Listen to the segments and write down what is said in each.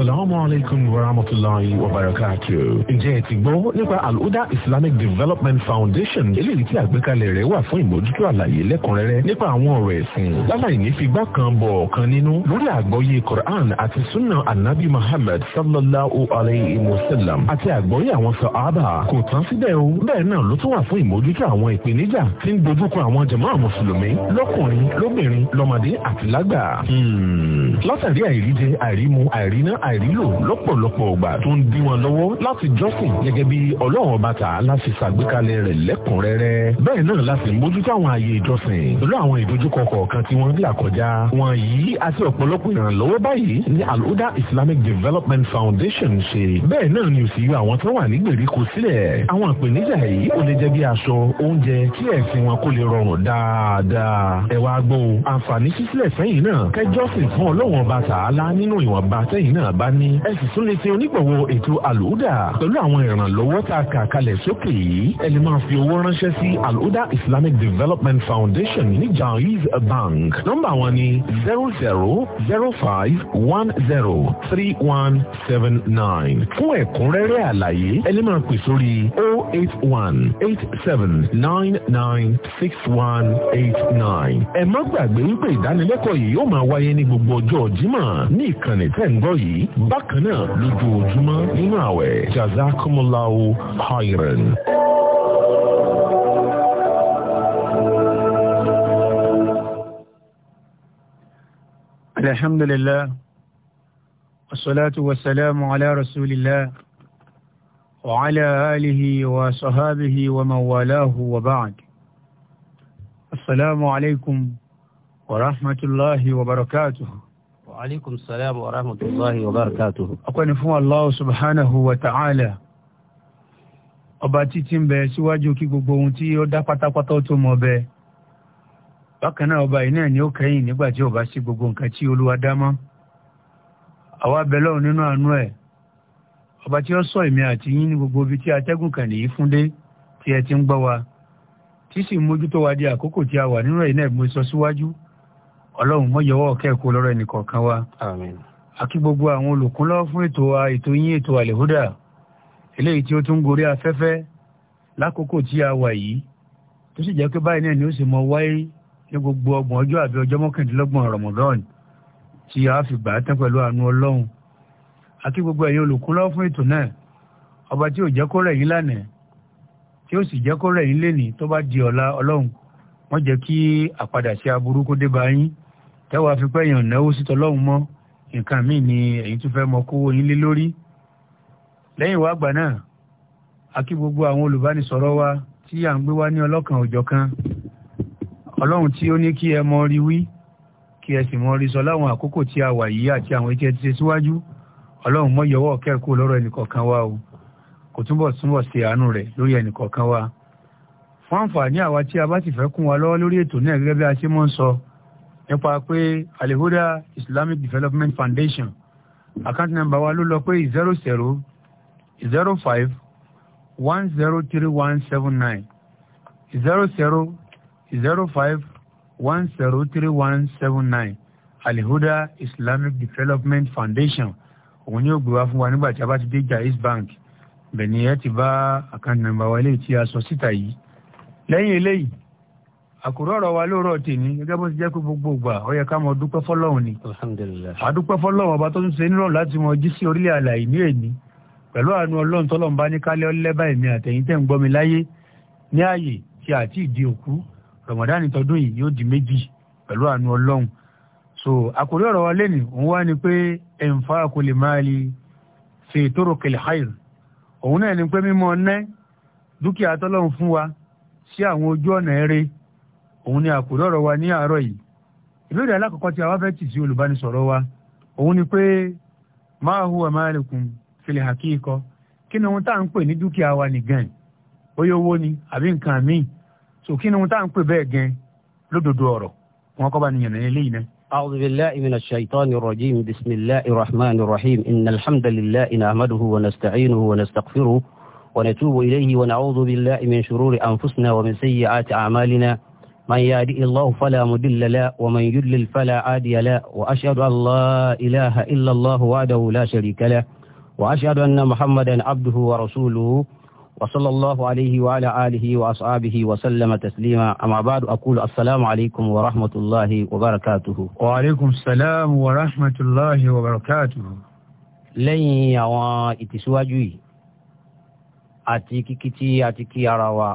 asalaamu alaykum wa rahmatulahi wa barakatu. ǹjẹ́ ẹ ti gbọ́ nípa aluda islamic development foundation eléyìí tí àgbékalẹ̀ rẹ̀ wà fún ìmójútó àlàyé lẹ́kùnrẹ́rẹ́ nípa àwọn ọ̀rọ̀ ẹ̀sìn láláì ní figbá kan bọ̀ ọ̀kan nínú lórí àgbọ́yé quran àti sunna anabi muhammad sallallahu alayhi wa sallam àti àgbọ́yé àwọn sàhábà kò tán síbẹ̀ o bẹ́ẹ̀ náà ló tún wà fún ìmójútó àwọn ìpèníjà tí ń dojúkọ àwọn jàmáà mùsùlùmí lọ́kùnrin lóbìnrin lọ́mọdé àti lágbà. Hmm. látàrí àìríjẹ àìrímu àìrílò lọ́pọ̀lọpọ̀ ọgbà tó ń dí wọn lọ́wọ́ láti jọ́sìn gẹ́gẹ́ bí ọlọ́run ọba tà láti ṣàgbékalẹ̀ rẹ̀ lẹ́kùnrẹ́rẹ́ bẹ́ẹ̀ náà láti mójútó àwọn ààyè ìjọsìn pẹ̀lú àwọn ìdojúkọ kọ̀ọ̀kan tí wọ́n ń là kọjá wọn yìí àti ọ̀pọ̀lọpọ̀ ìrànlọ́wọ́ báyìí ní Al-Huda Islamic Development Foundation ṣe bẹ́ẹ̀ náà ni òsì yọ àwọn tó wà ní gbèríko sílẹ̀ àwọn ìpèníjà yìí ó lè jẹ́ bí aṣọ oúnjẹ kí ẹ̀sìn wọn kó lè rọrùn dáadáa ẹ wá gbọ́ àǹfààní sísílẹ̀ sẹ́yìn náà kẹjọ́sìn fún ọlọ́run ọba tààlà nínú ìwọ̀nba sẹ́yìn náà bá ní. ẹ sì tún lè ṣe onígbọ̀wọ́ ètò àlùdà pẹ̀lú àwọn ìrànlọ́wọ́ tá a kà kalẹ̀ sókè yìí ẹ lè máa fi owó ránṣẹ́ sí àlùdà Islamic Development Foundation ní Jaiz Bank nọ́mbà wọn ni zero zero zero five one zero three one seven nine fún ẹ̀kúnrẹ́rẹ́ àlàyé ẹ lè máa pè sórí o oh eight one eight seven nine nine six one eight nine ẹ má gbàgbé wípé ìdánilẹ́kọ̀ọ́ yìí yóò máa wáyé ní gbogbo ọjọ́ Jímọ̀ ní ìkànnì tẹ̀ ń gbọ́ yìí bákan náà lójoojúmọ́ nínú àwẹ̀ jazakumullahu khairan. الحمد لله والصلاة والسلام على رسول الله وعلى آله وصحابه ومن والاه وبعد السلام عليكم ورحمة الله وبركاته aleykum salaam wa rahmatulahi wa barakatuhu. ọpẹ́ni fún allah subhanahu wa ta'ala ọba títí ń bẹ síwájú kí gbogbo ohun tí ó dá pátápátá tó mọ bẹ bákan náà ọba yìí náà ni ó kẹ́yìn nígbà tí ọba sí gbogbo nǹkan tí olúwa dá mọ́ àwa bẹ lọ́run nínú àánú ẹ̀ ọba tí ó sọ èmi àti yín ní gbogbo ibi tí atẹ́gùn kàn nìyí fún dé tí ẹ ti ń gbọ́ wa tí sì mójútó wa di àkókò tí a wà nínú ẹ̀ náà mo sọ síwájú. Si ọlọ́run mọ́jọ́wọ́ kẹ́ẹ̀kọ́ lọ́rọ̀ ẹnì kọ̀ọ̀kan wa. àmín. àkí gbogbo àwọn olùkúnlọ́ fún ètò wa ètò yín ètò àlèhúdà eléyìí tí ó tún gorí afẹ́fẹ́ lákòókò tí a wà yìí tó sì jẹ́ pé báyìí náà ni ó sì mọ wáyé ní gbogbo ọgbọ̀n ọjọ́ àbí ọjọ́ mọ́kàndínlọ́gbọ̀n Ramadan tí a fi gbà á tán pẹ̀lú àánú ọlọ́run àkí gbogbo ẹ̀yin olùkúnlọ́ fún ètò náà ọba tí ò jẹ́ kó rẹ̀ yín lánàá tí ó sì jẹ́ kó rẹ̀ yín lénìí tó bá di ọ̀la ọlọ́run wọ́n jẹ́ kí àpadà sí aburú kó dé bá yín tẹ́wàá fi pẹ́ yàn náwó sí tọlọ́hún mọ́ nǹkan míì ni èyí tún fẹ́ mọ kówó yín lé lórí lẹ́yìn wá gbà náà a kí gbogbo àwọn olùbánisọ̀rọ̀ wa tí à ń gbé wá ní ọlọ́kan òjọ̀ kan ọlọ́run tí ó ní kí ẹ mọ rí wí kí ẹ sì mọ rí sọ láwọn àkókò tí a wà yìí àti àwọn etí ti ṣe síwájú ọlọ́run mọ yọwọ́ kẹ́ẹ̀kọ́ lọ́rọ̀ ẹnìkọ̀ọ̀kan wa o kò túbọ̀ túbọ̀ ṣe àánú rẹ̀ lórí ẹnìkọ̀ọ̀kan wa fún àǹfààní àwa tí a bá sì fẹ́ kún wa lọ́wọ́ lórí ètò náà gẹ́gẹ́ bí a ṣe mọ́ ń sọ nípa pé alihuda islamic development foundation account number wa ló lọ pé zero zero zero five one zero three one seven nine zero zero zero five one zero three one seven nine alihuda islamic development foundation òun yóò gbé wá fún wa nígbà tí a bá ti dé jais bank bẹ̀ni ẹ ti bá account number wa eléyìí tí a sọ síta yìí lẹ́yìn eléyìí àkùrọ̀ ọ̀rọ̀ wa lóòrọ̀ tèmi gẹ́gẹ́ bó ti jẹ́ pé gbogbo ìgbà ó yẹ ká mọ dúpẹ́ fọlọ́run ni. alhamdulilayi. àdúpẹ́ fọlọ́run ọba tó ń ṣe nírọ̀rùn láti mọ jí sí orílẹ̀ àlàyé ní èní pẹ̀lú àánú ọlọ́run tọ́lọ́run bá ní kálẹ̀ ọlẹ́bà èmi àtẹ̀yìn tẹ̀ ń gbọ́ mi láyé ní ààyè tí àti ìdí òkú rọ̀mọ̀dánì tọdún yìí yóò di méjì pẹ̀lú àánú ọlọ́run so àkùrọ̀ ọ̀rọ̀ wa lẹ́nu òun wá ni pé ẹ̀ǹfà kò lè máa li fi tóró kele hayr òun òun ni àkùrẹ́ ọ̀rọ̀ wa ní àárọ̀ yìí ìbéèrè alákọ̀ọ́kọ́ tí a wá fẹ́ tì sí olùbánisọ̀rọ̀ wa òun ni pé máa hu àmàlẹ́kùn fìlẹ̀ hàkí ikọ́ kí ni ohun tá à ń pè ní dúkìá wa nìgan bóyá owó ni àbí nǹkan míì so kí ni ohun tá à ń pè bẹ́ẹ̀ gan lódodo ọ̀rọ̀ wọn kọ́ bá nìyẹn náà eléyìí náà. أعوذ بالله من الشيطان الرجيم بسم الله الرحمن الرحيم إن الحمد لله نحمده ونستعينه ونستغفره ونتوب إليه ونعوذ بالله من شرور أنفسنا ومن سيئات أعمالنا من يهدئ الله فلا مضل له ومن يضلل فلا هادي له وأشهد أن لا إله إلا الله وحده لا شريك له وأشهد أن محمدا عبده ورسوله وصلى الله عليه وعلى آله وأصحابه وسلم تسليما أما بعد أقول السلام عليكم ورحمة الله وبركاته وعليكم السلام ورحمة الله وبركاته لن يوا اتسواجي أتيكي كتي أتيكي أراوا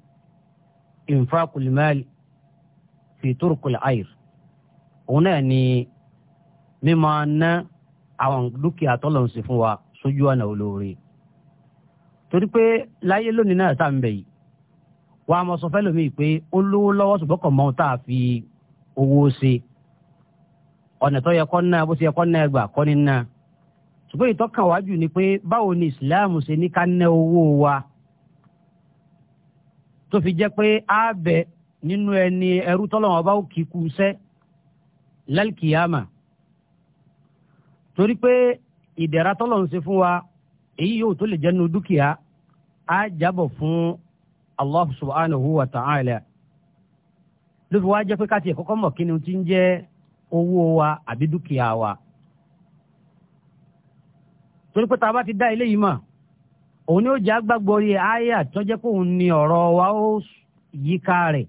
infaqul mal fi turkul ayr òun náà ni mímọ ná àwọn dúkìá tọ́lọ̀ ń ṣe fún wa sójú ọ̀nà olóore torí pé láyé lónìí náà tá à ń bẹ̀ yìí wà á mọ sọ fẹ́ẹ́ lómi pé ó lówó lọ́wọ́ ṣùgbọ́n kò mọ ohun tá a fi owó ṣe ọ̀nà tó yẹ kọ́ ná bó ṣe yẹ kọ́ ná ẹgbàá kọ́ ní ná ṣùgbọ́n ìtọ́kàn wájú ni pé báwo ni ìsìláàmù ṣe ní ká ná owó wa tó fi jẹ́ pé á bẹ nínú ẹni ẹrú tọ́lọ́wọ́n bá kì í kú sẹ́ lálkìyàmà torí pé ìdẹ̀ra tọ́lọ́wọ́n ṣe fún wa èyí yóò tó lè jẹ́ nu dúkìá á jábọ̀ fún allah subhanahu wa ta'ala ló fi wá jẹ́ pé káti ẹ̀kọ́kọ́ mọ̀ kí ni ti ń jẹ́ owó wa àbí dúkìá wa torí pé tá bá ti dá eléyìí mọ̀ òun ni ó jẹ́ agbágbọ́ orí àyà tó jẹ́ kóun ni ọ̀rọ̀ wa ó yíká rẹ̀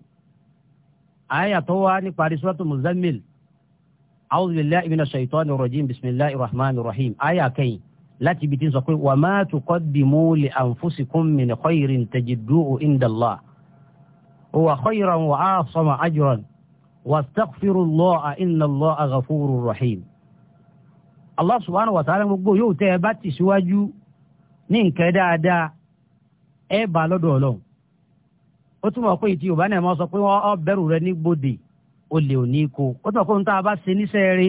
àyà tó wá ní parí suratul muzammil a'udhu billahi minash shaitanir rajim bismillahir rahmanir rahim àyà kẹyìn láti ibi tí ń sọ pé wa ma tuqaddimu li anfusikum min khairin tajiduhu inda Allah huwa khairan wa a'zama ajran wastaghfirullaha inna Allaha ghafurur rahim Allah subhanahu wa ta'ala gbogbo yóò tẹ́ ẹ bá ti síwájú ní nǹkan dáadáa ẹ bá lọ́dọ̀ ọlọ́run ó túmọ̀ pé ìtì yorùbá náà máa sọ pé wọ́n bẹ̀rù rẹ ní gbòdè olè ò ní kó ó túmọ̀ pé ohun tá a bá ṣe níṣẹ́ rẹ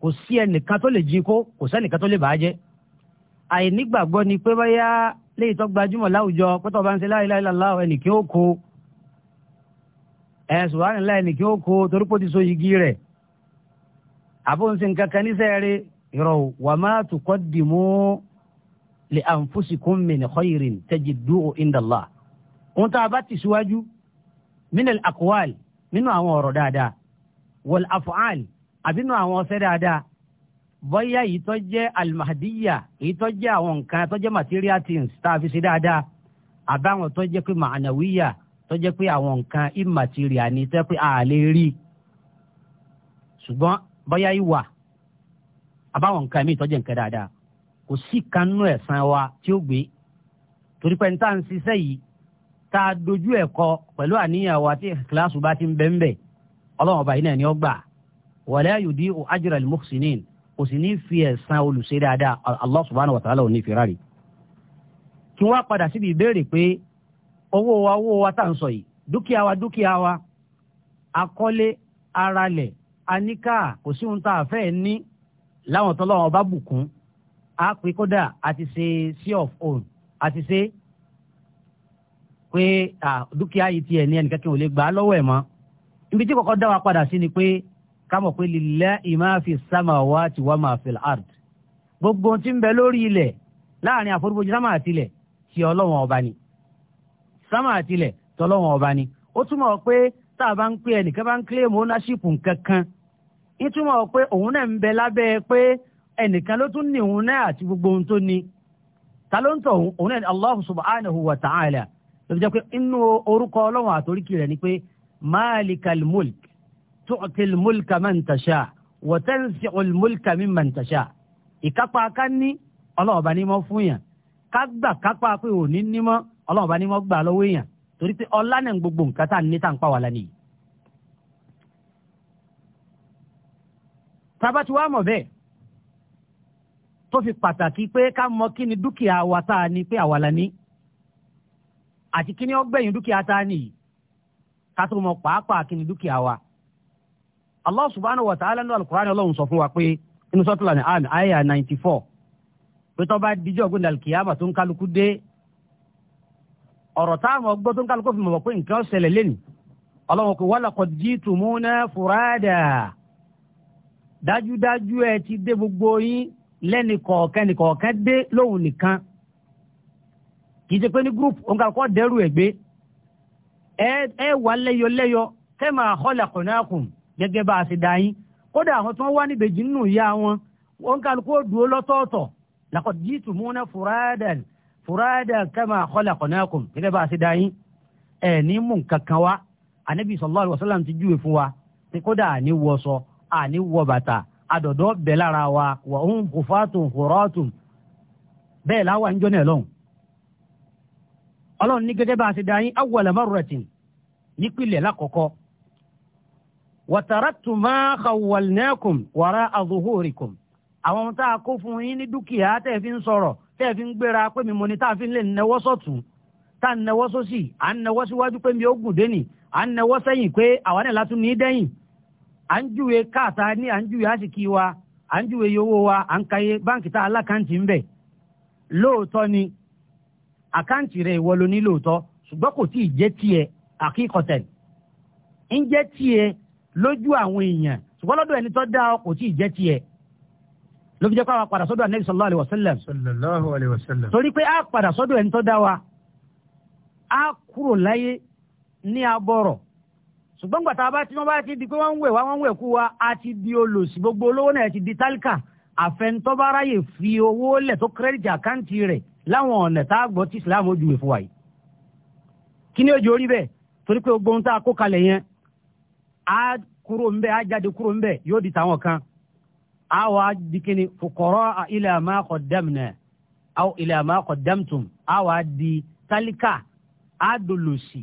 kò sí ẹnìkan tó lè jí kó kò sẹ́nìkan tó lè bàá jẹ́ àìnígbàgbọ́ ni pé báyà léyìí tó gbajúmọ̀ láwùjọ pé bá ń ṣe la ilaha illallah ẹnì kí ó kó ẹ subhanallah ẹnì kí ó kó torí pé ó ti so yigi rẹ̀ àbóǹsìn kankan níṣẹ́ rẹ ìrọ̀ wàmátùkọ́dìmú li anfusikum min khayrin tajiduhu indallah ohun tá a bá ti síwájú min al aqwal nínú àwọn ọ̀rọ̀ dáadáa wal af'al àbí nínú àwọn ọ̀sẹ̀ dáadáa bóyá èyí tó jẹ́ almahdiya èyí tó jẹ́ àwọn nǹkan tó jẹ́ material things tá a fi ṣe dáadáa àbáwọn tó jẹ́ pé ma'anawiya tó jẹ́ pé àwọn nǹkan immaterial ni tó jẹ́ pé a rí ṣùgbọ́n bóyá ìwà àbáwọn nǹkan míì tó jẹ́ nǹkan dáadáa kò sí kanú ẹ̀sán wa tí ó gbé torí pé níta ń ṣiṣẹ́ yìí tá a dojú ẹ̀ kọ pẹ̀lú àníyàn wa tí kíláàsù bá ti ń bẹ́ ń bẹ̀ ọlọ́run ọba yìí náà ni ó gbà wala yudi'u ajra al-muhsinin kò sì ní fi ẹ̀sán olùṣe dáadáa Allah subhanahu wa ta'ala ò ní fi rárẹ̀ kí wọ́n padà síbi ìbéèrè pé owó wa owó wa tá à ń sọ yìí dúkìá wa dúkìá wa akọ́lé aralẹ̀ aníkà kò sí ohun tá a fẹ́ ní láwọn tọ́lọ́wọ́n bá bùkún a pè kódà àti ṣe sí of own àti ṣe pé dúkìá yìí tiẹ̀ ní ẹnìkan kí n ò lè gbà á lọ́wọ́ ẹ̀ mọ́ ibi tí kọ́kọ́ dá wa padà sí ni pé ká mọ̀ pé lillahi ma fi samawati wa ma fil ard gbogbo tí ń bẹ lórí ilẹ̀ láàrin àforífojì sámà àtilẹ̀ ti ọlọ́wọ̀n ọba ni sámà àtilẹ̀ ti ọlọ́wọ̀n ọba ni ó túmọ̀ pé tá a bá ń pè ẹnìkan bá ń claim ownership nǹkan kan ìtumọ̀ pé òun náà ń bẹ lábẹ́ pé ẹnìkan ló tún ní òun náà àti gbogbo ohun tó ní ta ló ń tọ̀ òun òun náà ni allah subhanahu wa ta'ala ló fi jẹ́ pé inú orúkọ ọlọ́run àtòríkì rẹ̀ ni pé maalikal mulk tu'til mulka man tasha wa tanzi'ul mulka mimman tasha ìkápá ká ní ọlọ́run ọba ní mọ́ fún yàn ká gbà kápá pé òní ní mọ́ ọlọ́run ọba ní mọ́ gbà lọ́wọ́ èèyàn torí pé ọlá náà gbogbo nǹkan tá à ń ní tá à ń pa wà lánìí. tabatiwa mọ̀ bẹ́ẹ̀ tó fi pàtàkì pé ká mọ kí ni dúkìá wa tá a ní pé àwa la ní àti kí ni ó gbẹ̀yìn dúkìá tá a nìyí ká tó mọ pàápàá kí ni dúkìá wa. Allah subhanahu wa ta'ala ní alukur'an ọlọ́run sọ fún wa pé inú sọ́tùlà ní àmì ninety four pé tó bá dijọ́ ọ̀gbìn alikiyama tó ń kálukú dé ọ̀rọ̀ tá a mọ̀ gbọ́ tó ń kálukú fi mọ̀ pé nǹkan ṣẹlẹ̀ lẹ́nu ọlọ́run kò wala qad jitumuna furada dájúdájú ẹ ti dé gbogbo yín lẹ́nìkọ̀ọ̀kan nìkọ̀ọ̀kan dé lóhùn nìkan kì í ṣe pé ní group òǹkà kọ́ dẹ́rù ẹ̀ gbé ẹ wà lẹ́yọ lẹ́yọ kẹ́ máa khalaqnakum gẹ́gẹ́ bá a ṣe dá yín kódà àwọn tí wọ́n wá níbejì nínú ìyá wọn òǹkà kó dúró lọ́tọ̀ọ̀tọ̀ laqad jitumuna furadan furadan kama khalaqnakum gẹ́gẹ́ bá a ṣe dá yín ẹ̀ ní mú nǹkan kan wá ànábì sallallahu alaihi wasallam ti júwe fún wa kódà àní wọ sọ àní wọ bàtà àdọ̀dọ̀ bẹ̀ lára wa wà ń kófàtún kóràtún bẹ́ẹ̀ láwa ń jọ́nà lọ́hùn. ọlọ́run ní gẹ́gẹ́ bá a ṣe dá yín awwala marratin nípìnlẹ̀ lákọ̀ọ́kọ́ wàtàràtù máa khawwalnakum wàrà àdúhóríkùm àwọn ohun tá a kó fún yín ní dúkìá tẹ́ fi ń sọ̀rọ̀ tẹ́ fi ń gbéra pé mi mo ní tá a fi lè nẹwọ́ sọ̀tún tá a nẹwọ́ sósì à ń nẹwọ́ síwájú pé mi ó gùn dénì à ń nẹwọ́ sẹ́yìn pé àwa náà látún ní dẹ́yìn à ń júwe káàtà ní à ń júwe àsìkí wa à ń júwe yòówó wa à ń kàyé báǹkì tá alákàǹtì ń bẹ̀ lóòótọ́ ni àkáǹtì rẹ̀ ìwọ ló ní lóòótọ́ ṣùgbọ́n kò tí jẹ́ tiẹ̀ àkíkọ̀tẹ̀ ń jẹ́ tiẹ̀ lójú àwọn èèyàn ṣùgbọ́n lọ́dọ̀ ẹni tó dá ọ kò tí jẹ́ tiẹ̀ ló fi jẹ́ káwa padà sọ́dọ̀ anabi sallallahu alayhi wa sallam. sallallahu alayhi wa sallam. torí pé a padà sọ́dọ̀ ẹni tó dá wa a kúrò láyé ní abọ́rọ̀ ṣùgbọ́n gbàtà bá tí wọ́n bá ti di pé wọ́n ń wẹ̀ wá wọ́n ń wẹ̀ kú wa a ti di olòṣì gbogbo olówó náà ti di tálíkà àfẹnutọ́ bá ráyè fi owó lẹ̀ tó kírẹ́dìtì àkáǹtì rẹ̀ láwọn ọ̀nà tá a gbọ́ tí Islam ojú ìfún wa yìí. kí ni ojú orí bẹ́ẹ̀ torí pé gbogbo ohun tá a kó kalẹ̀ yẹn á kúrò ń bẹ̀ á jáde kúrò ń bẹ̀ yóò di tàwọn kan á wà á di kíni fòkọ̀rọ̀ ilẹ̀ àmà kọ̀dẹ́mùnà ilẹ̀ àmà kọ̀dẹ́mùtùm á wà á di tálíkà á dolòṣì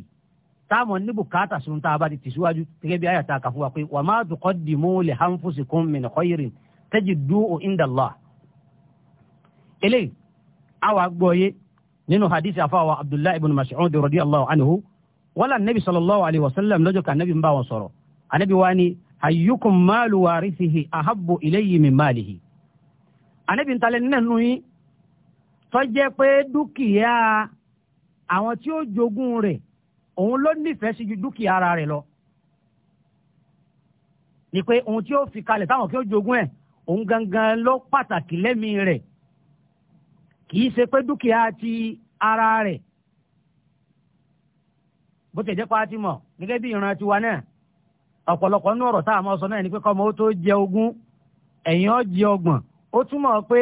táàmù ní bùkátà sun tá a bá di tẹ̀síwájú gẹ́gẹ́ bí ayàtà kà fún wa pé wà má dùkọ́ dì mú lè hàn fún sìkún min khairin tẹ́jì dú o inda Allah. eléyìí àwa gbọ́yé nínú hadith afáwa abdullahi ibn mas'ud radiyallahu anhu wala nabi sallallahu alayhi wa sallam lọ́jọ́ kan nabi ń bá wọn sọ̀rọ̀ anabi wa ni ayyukum maalu warithihi ahabbu ilayhi min maalihi. anabi ń talẹ̀ nínú yín tó pé dúkìá àwọn tí ó jogún rẹ̀ òun ló nífẹ̀ẹ́ sí dúkìá ara rẹ̀ lọ ni pé ohun tí ó fi kalẹ̀ táwọn kí ó jogún ẹ̀ òun gangan ló pàtàkì lẹ́mìí rẹ̀ kì í ṣe pé dúkìá ti ara rẹ̀ bó ti jẹ́ pàtí mọ̀ gẹ́gẹ́ bí ìran tiwa náà ọ̀pọ̀lọpọ̀ nínú ọ̀rọ̀ tá a máa sọ náà ni pé kọ́mọ ó tó jẹ ogún ẹ̀yìn ó jẹ ọgbọ̀n ó túmọ̀ pé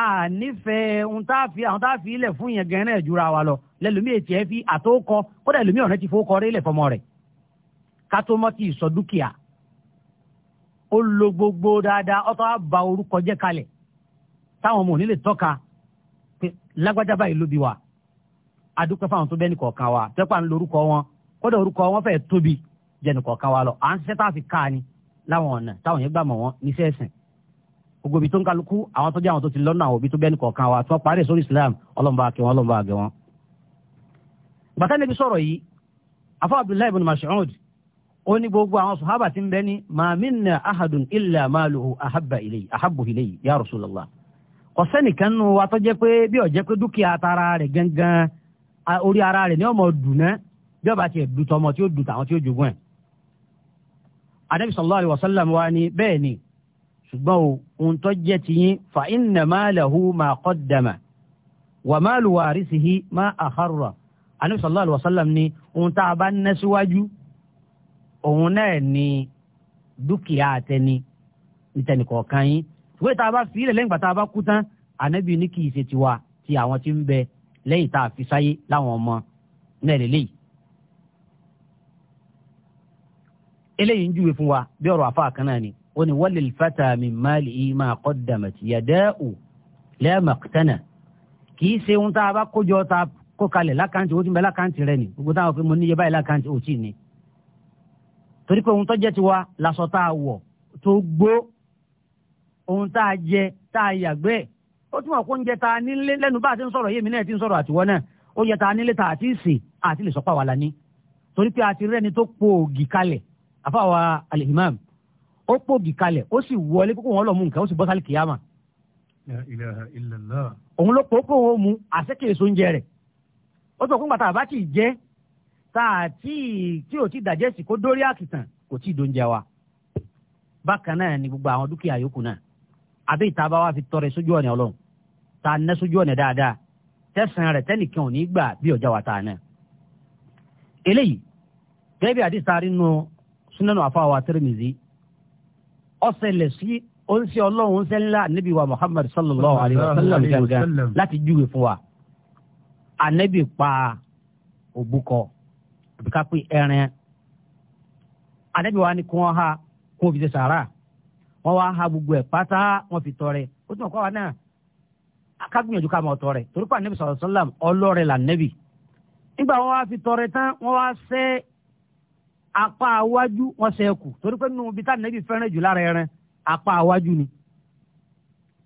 a nífẹ̀ẹ́ ohun tá a fi ilẹ̀ fún yẹn gẹ́rẹ́ jura wa lọ lẹ́lómi ètí ẹ fi àtòkọ kódà ẹlòmí ọ̀rẹ́ ti fowó kọ rí ilẹ̀ fọmọ rẹ̀ kátó mọ́ ti sọ dúkìá ó lo gbogbo dáadáa ọtọ́ àbá orúkọ jẹ́ kalẹ̀ táwọn ọmọ òní lè tọ́ka pé lágbájá báyìí ló bí wa adúpẹ́ fáwọn tó bẹ́ẹ̀ nìkọ̀ọ̀kan wa tẹ́pà ń lo orúkọ wọn kódà orúkọ wọn fẹ́ẹ́ tóbi jẹ́ nìkọ̀ọ̀kan wa lọ à ń ṣiṣẹ́ táàfin káà ni láwọn ọ̀nà táwọn yẹn gbà mọ̀ wọn níṣẹ́ ẹ̀sìn gbogbo ibi tó ń kálukú àwọn tó jẹ́ àwọn tó ti lọ́nà àwọn òbí tó bẹ́ẹ̀ nìkọ̀ọ̀kan wa tó parí sórí Islam ọlọ́mọba kẹwọn ọlọ́mọba àgẹwọn bàtà níbi sọ̀rọ̀ yìí afọ abdullahi ibn mas'ud ó ní gbogbo àwọn sòhábà tí ń bẹ ní ma minna ahadun illa maluhu ahabba ilayhi ahabbu ilayhi ya rasulallah kò sẹ́nìkan nù wa tó jẹ́ pé bí ó jẹ́ pé dúkìá tara rẹ̀ gangan orí ara rẹ̀ ní ọmọ dùnà bí ó bá tiẹ̀ du tọmọ tí ó du tàwọn tí ó jogún ẹ̀. anabi sallallahu alayhi wa sallam wa ni bẹ́ẹ̀ ni ṣùgbọ́n o ohun tó tiyín fa inna malahu ma qaddama wa malu warisihi ma akharra anabi sallallahu alaihi wasallam ní ohun tá a bá ná síwájú òun náà ní dúkìá àtẹni ìtẹnì kọ̀ọ̀kan yín ìwé tá a bá fi ilẹ̀ lẹ́yìn tá a bá kú tán anabi ní kì í ṣe tiwa ti àwọn tí ń bẹ lẹ́yìn tá a fi sáyé láwọn ọmọ náà lélẹ́yìí. eléyìí ń júwe fún wa bí ọ̀rọ̀ àfa kan náà ni ó ní walil fata min malihi ma qaddamat yada'u la maqtana kì í ṣe ohun tá a bá kójọ tá a kó kalẹ̀ lákàntì owó tí ń bẹ lákàntì rẹ ni gbogbo táwọn pé mo níye báyìí lákàntì ò tí ì ní. torí pé ohun tó jẹ́ tiwa lásọ tá a wọ̀ tó gbó ohun tá a jẹ tá a yàgbẹ́ ó túmọ̀ kó ń jẹ tá a nílé lẹ́nu bá a ti ń sọ̀rọ̀ yémi náà ti ń sọ̀rọ̀ àtiwọ́ náà ó yẹ tá a nílé tá a ti sè àti lè sọ́pà wà lání torí pé a ti rẹ́ni tó po ògì kalẹ̀ àfàwà alihimam ó po ògì kalẹ̀ ó sì wọlé kókó wọn lọ mú nǹkan ó sì bọ́ sálì kìyàmà. La ilaha illallah. òun ló pòókò wọn mú àṣekè èso oúnjẹ rẹ̀ ó sọ fún bàtà àbá tí ì jẹ́ tá a tí ì tí ò tí ì dàjẹ́ sí kó dórí àkìtàn kò tí ì dóúnjẹ wa bákan náà ni gbogbo àwọn dúkìá yòókù náà àbí ìta bá wa fi tọrẹ sójú ọ̀nà ọlọ́run tá a ná sójú ọ̀nà dáadáa tẹ̀sán rẹ̀ tẹ́nìkan ò ní gbà bí ọjà wa tá a ná. eléyìí gẹ́gẹ́ bí àdìsá nínú súnánù àfáwà Tirmidhi ọ̀sẹ̀lẹ̀ sí oúnṣẹ́ ọlọ́run oúnṣẹ́ ńlá níbi wa Muhammad sallallahu alayhi wa sallam láti júwe fún wa anabi pa òbúkọ àbí ká pé ẹran anabi wa ni kí wọ́n ha kí wọ́n fi ṣe sàrà wọ́n wá ha gbogbo ẹ̀ pátá wọ́n fi tọrẹ ó tún ọ̀kọ́ wa náà akágbìyànjú ká máa tọrẹ torí pé anabi sọ̀rọ̀ sọ́làm ọlọ́rẹ̀ là nẹ́bì nígbà wọn wá fi tọrẹ tán wọn wá sẹ́ apá iwájú wọn sẹ́ kù torí pé nínú ibi tá nẹ́bì fẹ́ràn jù lára ẹran apá iwájú ni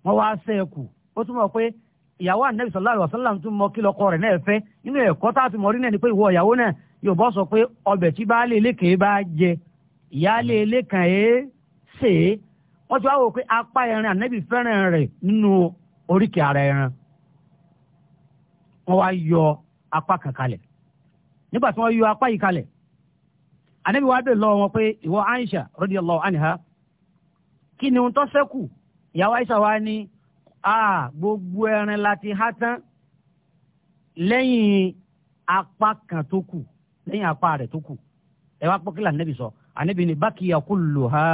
wọn wá sẹ́ kù ó túmọ̀ pé ìyàwó anabi sallallahu alaihi wasallam tún mọ kí lọkọ rẹ̀ náà fẹ́ nínú ẹ̀kọ́ tá a ti mọ rí náà ni pé ìwọ ìyàwó náà yóò bọ́ sọ pé ọbẹ̀ tí baálé ilé kèé bá jẹ ìyáálé ilé kàn é sè é wọ́n ti wá wò pé apá ẹran anabi fẹ́ràn rẹ̀ nínú oríkèé ara ẹran wọ́n wá yọ apá kan kalẹ̀ nígbà tí wọ́n yọ apá yìí kalẹ̀ anabi wa bẹ̀ lọ́wọ́ wọn pé ìwọ Aisha radiyallahu anha kí ni ohun tó ṣẹ́kù ìyàwó Aisha wa ní a gbogbo ẹran la ti há tán lẹ́yìn apá kan tó kù lẹ́yìn apá rẹ̀ tó kù ẹ wá pọ́kílà nẹ́bí sọ ànẹ́bí ni bákìyà kulluha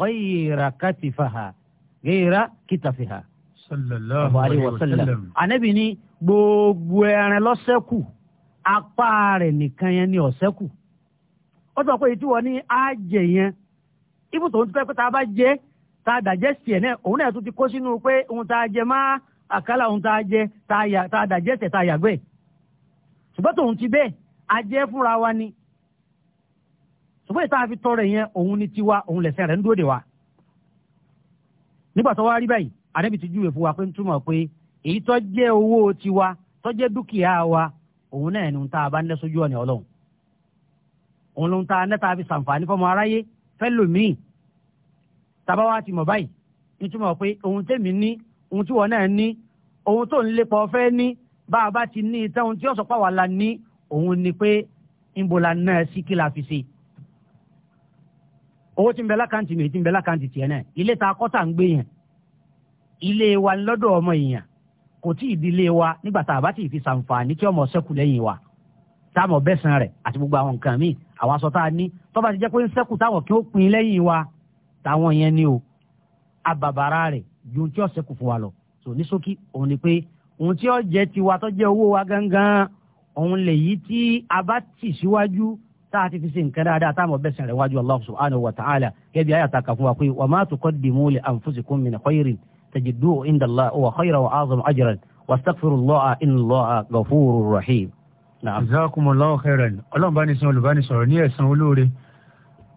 ghayra katifaha ghayra kitafiha. sallallahu alayhi wa sallam ànẹ́bí ni gbogbo ẹran ló ṣẹ́kù apá rẹ̀ nìkan yẹn ni ó ṣẹ́kù. ó sọ pé ìtúwọ́ ní á jẹ yẹn ibùsọ̀ ń tẹ́ pé tá a bá jẹ́ tá a dàjẹ́sì ẹ̀ náà òun náà tún ti kó sínú pé òun tá a jẹ má àkàlà òun tá a jẹ tá a dàjẹ́sì ẹ̀ tá a yàgbẹ́ ṣùgbọ́n tòun ti bẹ́ẹ̀ a jẹ́ fúnra wa ni ṣùgbọ́n ìta fi tọrọ yẹn òun ni tiwa òun lẹ̀sẹ̀ rẹ̀ ń dúró de wa nígbà tó wá rí báyìí àdébì ti júwèé fún wa pé ń túmọ̀ pé èyí tó jẹ́ owó tiwa tó jẹ́ dúkìá wa òun náà ni ń ta àbá ń lẹ́sọ́jú ọ̀nà ọlọ́run òun ló ń ta tàbá wa ti mọ̀ báyìí nítumọ̀ pé ohun tèmi ní ohun tí wọ́n náà ní ohun tó ń lépa ọ̀fẹ́ ní bá a bá ti ní ìtàn ohun tí ó sọ la ní òun ni pé ìbòlá náà sí kí la fi ṣe. owó tí ń bẹ lákàntì mi tí ń bẹ lákàntì tiẹ̀ náà ilé ta kọ́tà ń gbé yẹn ilé wa lọ́dọ̀ ọmọ èèyàn kò tí ì di ilé wa nígbà tá a bá ti fi ṣàǹfààní kí ọmọ ṣẹ́kù lẹ́yìn wa táwọn ọbẹ̀ rẹ̀ àti gbogbo àwọn nǹkan míì àwọn aṣọ tá a ní tó ti jẹ́ pé ń ṣẹ́kù táwọn kí ó pin lẹ́yìn wa táwọn yẹn ní o abàbàrà rẹ̀ ju ohun tí ọ̀sẹ̀ kò fún wa lọ so ní ṣókí òun ni pé ohun tí ó jẹ́ tiwa tó jẹ́ owó wa gangan òun lè yí tí a bá tì síwájú tá a ti fi ṣe nǹkan dáadáa táwọn ọbẹ̀sìn rẹ̀ wájú Allah subhanahu wa ta'ala gẹ́gẹ́ ayàtà kà fún wa pé wa ma tuqaddimu li anfusikum min khairin tajiduhu inda Allah huwa khairan wa a'zama ajran wastaghfirullaha inna Allaha ghafurur rahim. jazakumullahu khairan ọlọ́run bá ní sọ olùbánisọ̀rọ̀ ní ẹ̀sán olóore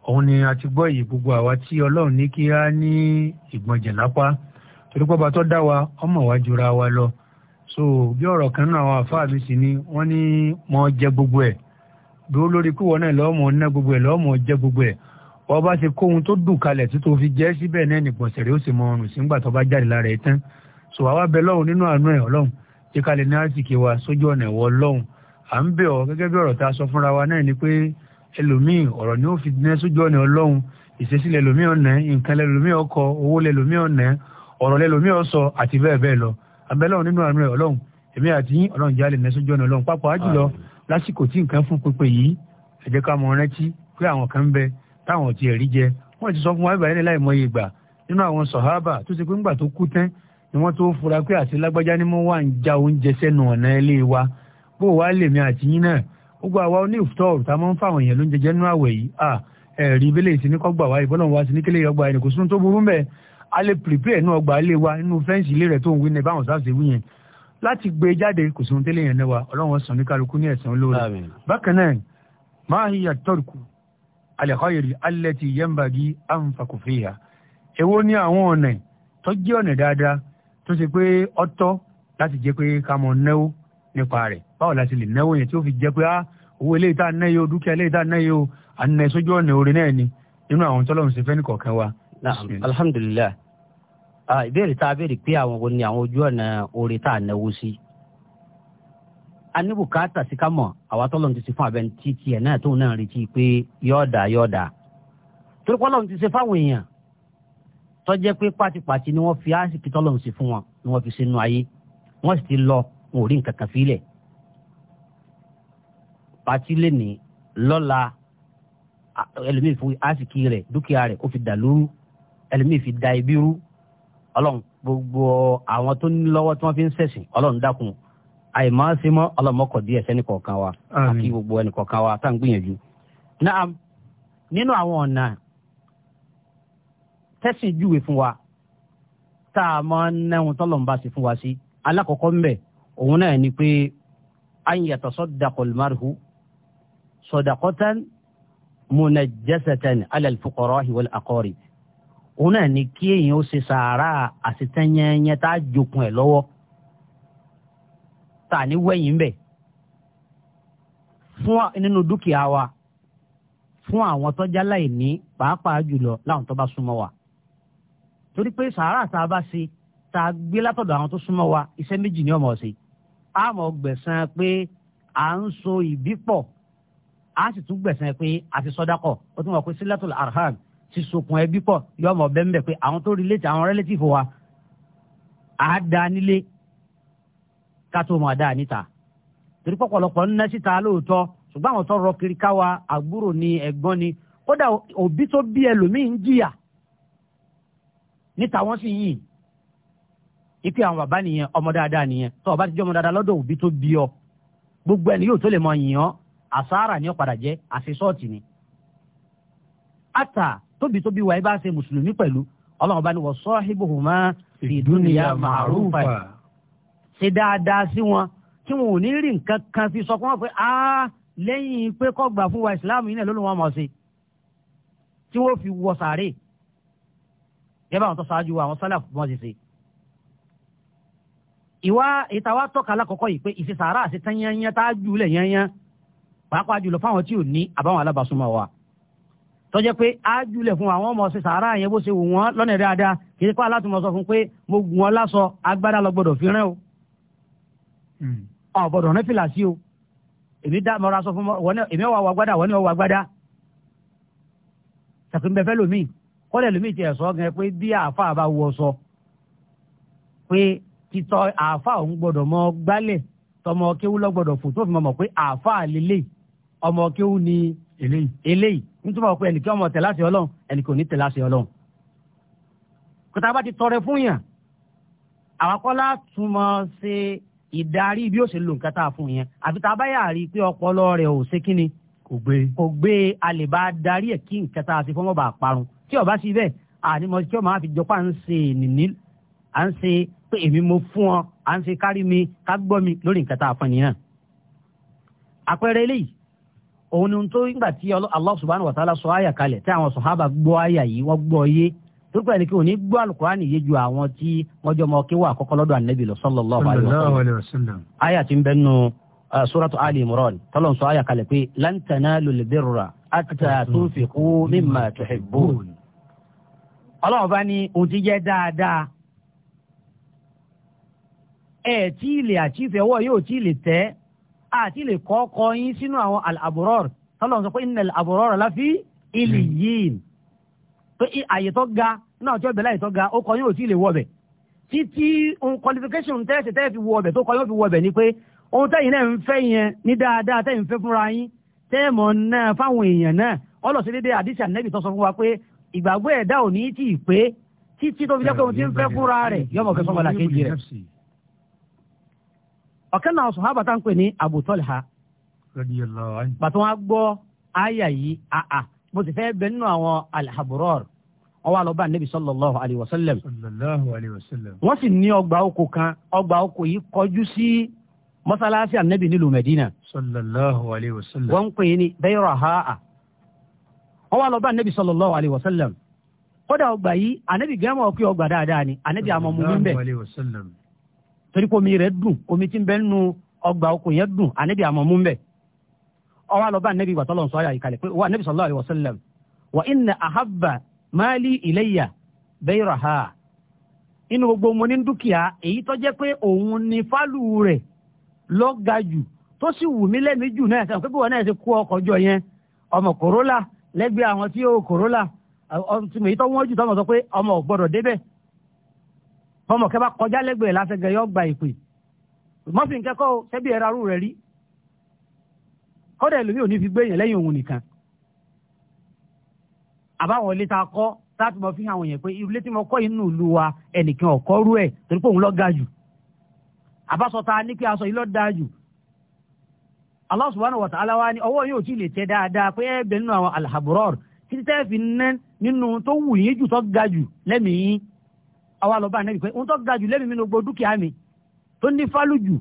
òun ni a ti gbọ́ èyí gbogbo àwa tí ọlọ́run ní kí á ní ìgbọ̀njẹ̀ lápá torí pé ọba tó dá wa ọmọ wa jura wa lọ so bí ọ̀rọ̀ kan náà àwọn àfáà mi sì ni wọ́n ní mọ jẹ gbogbo ẹ̀ dúró lórí pé wọn náà lọ́mọ ná gbogbo ẹ̀ lọ́mọ jẹ gbogbo ẹ̀ wọ́n bá ṣe kóhun tó dùn kalẹ̀ tí tó fi jẹ́ síbẹ̀ náà nìgbọ̀nsẹ̀ rẹ̀ ó sì mọ ọrùn sígbà tó bá jáde lára ẹ̀ tán so àwa bẹ lọ́hùn nínú àánú ẹ̀ ọlọ́hùn tí kalẹ̀ ní àsìkè wa sójú ọ̀nà ẹ̀wọ̀ ọlọ́hùn à ń bẹ̀ ọ́ gẹ́gẹ́ bí ọ̀rọ̀ tá sọ fúnra wa náà ni pé ẹlòmíì ọ̀rọ̀ ni ó fi ná sójú ọ̀nà ọlọ́run ìṣesílẹ̀ ẹlòmíì ọ̀nà nǹkan ẹlòmíì ọkọ owó ẹlòmíì ọ̀nà ọ̀rọ̀ ẹlòmíì ọ̀sọ àti bẹ́ẹ̀ bẹ́ẹ̀ lọ abẹ́lọ́run nínú àmì ọlọ́run èmi àti yín ọlọ́run jálè ná sójú ọ̀nà ọlọ́run pápá jùlọ lásìkò tí nǹkan fún pípé yìí ẹ jẹ́ ká mọ rántí pé àwọn kan ń bẹ táwọn ò tiẹ̀ rí jẹ wọ́n ti sọ fún wa bíbá yẹn láìmọye ìgbà nínú àwọn sọ̀hábà tó ti pé ńgbà tó kú tán ni wọ́n tó fura pé àti lágbájá ni mo wà ń ja oúnjẹ sẹ́nu ọ̀nà ilé wa bó wa lèmi àti yín náà gbogbo àwa oní ìfútọ́ọ̀rù tá a máa ń fáwọn èèyàn ló ń jẹjẹ nínú àwẹ̀ yìí à ẹ̀rí ibílẹ̀ ìsìn ní kọ́gbà wa ìbọ́lọ̀ wa sí ní kílẹ̀ ọgbà ẹnì kò sún tó burú mẹ́ a lè pèpè ní ọgbà ilé wa nínú fẹ́ǹsì ilé rẹ̀ tó ń wí ní báwọn sáà ṣe wí yẹn láti gbé e jáde kò sún tẹ́lẹ̀ yẹn lẹ́wà ọlọ́run sàn ní kálukú ní ẹ̀sán olóore bákan náà máa hi àtọ́rùkù alẹ́kọ́yèrè nípa rẹ̀ báwo la ṣe lè náwó yẹn tí ó fi jẹ́ pé ah, owó eléyìí tá a ná yìí o dúkìá eléyìí tá a ná yìí o à ń ná sójú ọ̀nà orin náà ni nínú àwọn tọ́lọ́run ṣe fẹ́ nìkọ̀ọ̀kan wa. alhamdulilayi ah, ìbéèrè tá a béèrè pé àwọn wo ni àwọn ojú ọ̀nà orin tá a náwó sí a ní bùkátà sí ká mọ̀ àwa tọ́lọ́run ti ṣe fún abẹ́ni tí tiẹ̀ náà tóun náà retí pé yọ̀ọ̀dà yọ̀ọ̀dà torí pọ́lọ́run ti ṣe fáwọn èèyàn ni wọ́n fi áásìkì tọ́lọ́run sí fún wọn ni wọ́n fi ṣe nu ayé wọ́n pati lẹ́ni lọ́la ẹlòmíì fún àsìkí rẹ̀ dúkìá rẹ̀ ó fi dà lóru ẹlòmíì fi da ibi rú ọlọ́run gbogbo àwọn tó ní lọ́wọ́ tí wọ́n fi ń ṣẹ̀sìn ọlọ́run dákun àìmọ́ sí mọ́ ọlọ́run mọ́kọ̀ díẹ̀ sẹ́ni kọ̀ọ̀kan wa àti gbogbo ẹnì kọ̀ọ̀kan wa tá à ń gbìyànjú. naam nínú àwọn ọ̀nà tẹ́sìn júwe fún wa tá a máa ń náwọn tọ́lọ́run bá fún wa sí alákọ̀ọ́kọ́ ń bẹ̀ òun náà ni pé an yatasaddaqal marhu sọdàkọ́tàn munajjasatan alal fuqara'i wal aqarib òun náà ni kí èèyàn ó ṣe sàárà àṣetẹ́yẹnyẹ tá a jokun ẹ̀ lọ́wọ́ tá a ní wẹ̀yìn bẹ̀ fún nínú dúkìá wa fún àwọn tọ́jà láìní pàápàá jùlọ láwọn tó bá súnmọ́ wa torí pé sàárà tá a bá ṣe tá a gbé látọ̀dọ̀ àwọn tó súnmọ́ wa iṣẹ́ méjì ni ọmọ ṣe a mọ̀ pé à ń so ìbí pọ̀ a sì tún gbẹ̀sẹ̀ pé àti sọ́dákọ̀ ó tún wà pé sílẹ̀tò arham ti sokùn ẹbí pọ̀ yọmọ bẹ́ẹ̀ mbẹ́ pé àwọn tó relate àwọn relative wa á da nílé ká tó mọ̀ dáa níta torí pọ̀pọ̀lọpọ̀ ń ná síta lóòótọ́ ṣùgbọ́n àwọn tó rọ kiri ká wa àgbúrò ni ẹ̀gbọ́n ni kódà òbí tó bí ẹlòmíì ń jìyà níta wọ́n sì yìn ipe àwọn bàbá nìyẹn ọmọ dáadáa nìyẹn tó o ti jẹ́ ọmọ dáadáa lọ́dọ̀ òbí tó bí ọ gbogbo ẹni yóò tó lè mọ yìn ọ́ àsáàrà ni ó padà jẹ́ àṣesọ́ọ̀tì ni. ata tóbi tóbi wa ibà ṣe mùsùlùmí pẹ̀lú ọlọ́run bá ní wọ́n sahibuhuma fi dunya ma'rufa ṣe dáadáa sí wọn tí wọn ò ní rí nǹkan kan fi sọ fún wọn pé a lẹ́yìn pé kọ́ gbà fún wa ìsìláàmù yìí náà ló ló wọn mọ̀ sí tí wọ́n fi wọ sàárè yẹ bá tó ṣáájú àwọn sálàfù wọn ṣe ṣe. ìwà ìtawà tọ́ka alákọ̀ọ́kọ́ yìí pé ìṣe àti tányányá tá a jù lẹ̀ yányá pàápàá jùlọ fáwọn tí ò ní àbáwọn alábàásùnmọ̀ wa tọ́jẹ́ pé á jùlẹ̀ fún àwọn ọmọ ṣe sàárà yẹn bó ṣe wù wọ́n lọ́nà ẹ̀rẹ́ ada kì í pa alátùmọ̀ sọ fún pé mo gùn ọ lásọ agbára lọ gbọdọ̀ fi rẹ́ o hmm. ọ̀ gbọdọ̀ rẹ́ fìlà sí o èmi dá mọ́ra sọ fún wọn èmi wà wà gbádà wọ́n ní wà gbádà tàkùnbẹ́ fẹ́ lómi kọ́lẹ̀ ti ẹ̀ gan pé bí àáfà bá wọ sọ pé títọ́ àáfà òun gbọdọ̀ mọ gbálẹ̀ tọmọ kéwú lọ gbọdọ̀ fò tó fi mọ̀ pé àáfà lélẹ́yìí ọmọ kéwù ni eléyìí nítorí wọn pé ẹnì kí ọmọ tẹ̀ láṣẹ ọlọ́run ẹnì kò ní tẹ̀ láṣẹ ọlọ́run kọta bá ti tọrẹ fún yàn àwọn akọ́lá túmọ̀ ṣe ìdarí bí ó ṣe lò nǹkan tá a fún yẹn àfi tá a bá yà rí i pé ọpọlọ rẹ ò ṣe kíni kò gbé kò gbé e, a bá darí ẹ kí nǹkan tá a fi fọmọ parun tí ó sí bẹ́ẹ̀ àní mo tí ó máa jọpọ à ń ṣe nìní à ń ṣe pé èmi mo fún ọ à ń ṣe kárí mi ká gbọ́ mi lórí nǹkan tá a fún yẹn. àpẹẹrẹ eléyìí òun ni tó ń gbà tí Allah subhanahu wa ta'ala sọ àyà kalẹ̀ tí àwọn sọ̀hábà gbọ́ àyà yìí wọ́n gbọ́ yé torí pẹ̀lú kí òní gbọ́ alukurani yé ju àwọn tí wọ́n jọ mọ kí wà àkọ́kọ́ lọ́dọ̀ anabi lọ sallallahu alaihi wasallam àyà ti ń bẹ nù uh, suratu ali imran tọ́lọ́n sọ àyà kalẹ̀ pé lan tanalul birra hatta tunfiqu mimma tuhibbun. ọlọ́run bá ní òun ti jẹ́ dáadáa ẹ̀ tí ilẹ̀ àti ìfẹ́wọ́ àti lè kọ́ kọ́ yín sínú àwọn al-abrār tọ́lọ̀ sọ pé innal abrāra lafī iliyyin pé àyè tó ga náà tí ọ̀bẹ̀ láyè tó ga ó kọ́ yín ò tí ì lè wọ ọbẹ̀ títí ohun qualification tẹ́sí tẹ́ẹ̀ fi wọ ọbẹ̀ tó kọ́ yín ó fi wọ ọbẹ̀ ni pé ohun tẹ́yìn náà ń fẹ́ yẹn ní dáadáa tẹ́yìn fẹ́ fúnra yín tẹ́ẹ̀mọ̀ náà fáwọn èèyàn náà ọlọ́sẹ̀ dédé àdìsí ànẹ́bì tó sọ fún wa pé ìgbàgbọ́ ẹ̀dá ò ní tì í pé títí tó fi jẹ́ pé òun ti ń fẹ́ fúnra rẹ̀ yọmọ fẹ́ sọ́mọlá ọ̀kan náà sọ̀hábà tá ń pè ní Abu Talha. bàtà wọn gbọ́ àyà yìí àà bó ti fẹ́ bẹ nínú àwọn alhaburọ́ọ̀rù ọwọ́ àlọ́bà níbi sallallahu alayhi wa sallam. wọ́n sì ní ọgbà oko kan ọgbà oko yìí kọjú sí mọ́sálásí ànábì nílùú Medina. sallallahu alayhi wa sallam. wọ́n ń pè é ní Bayraha. ọwọ́ àlọ́bà níbi sallallahu alayhi kódà ọgbà yìí ànábì gẹ́mọ̀ pé ọgbà dáadáa ni ànábì àmọ́ mú mi bẹ́ẹ̀. torí pé omi rẹ dùn omi tí ń bẹ nínú ọgbà oko yẹn dùn ànábì àmọ́ mú mbẹ́ ọwọ́ àlọ́ bá ànábì ìgbà tọ́lọ́ sọ ayà ìkàlẹ̀ pé wà ànábì sallallahu alaihi wasallam wa inna ahabba mali inú gbogbo mo ní dúkìá èyí tó jẹ́ pé òun ni fálù rẹ̀ ló ga jù tó sì wù mí lẹ́mí jù náà pé bí náà ọkọ̀ jọ yẹn ọmọ ọmọ kẹ bá kọjá lẹ́gbẹ̀ẹ́ lásẹgẹ yọ gba ìpè mọfìn kẹkọ ṣebí ẹ rárú rẹ rí kódà ẹlòmíì ò ní fi gbé yẹn lẹ́yìn òun nìkan àbáwọn ilé a kọ́ láti mọ fi àwọn yẹn pé ilé tí mo kọ inú ìlú wa ẹnìkan ọkọ rú ẹ torí pé lọ ga jù ní lọ da jù wa ta'ala ni ọwọ́ yóò tí lè tẹ dáadáa fi nínú tó wù yín jù tó ga àwa lọ bá anabi pé òun tó ga jù lẹ́mìí mi ní gbogbo dúkìá mi tó ní fálù jù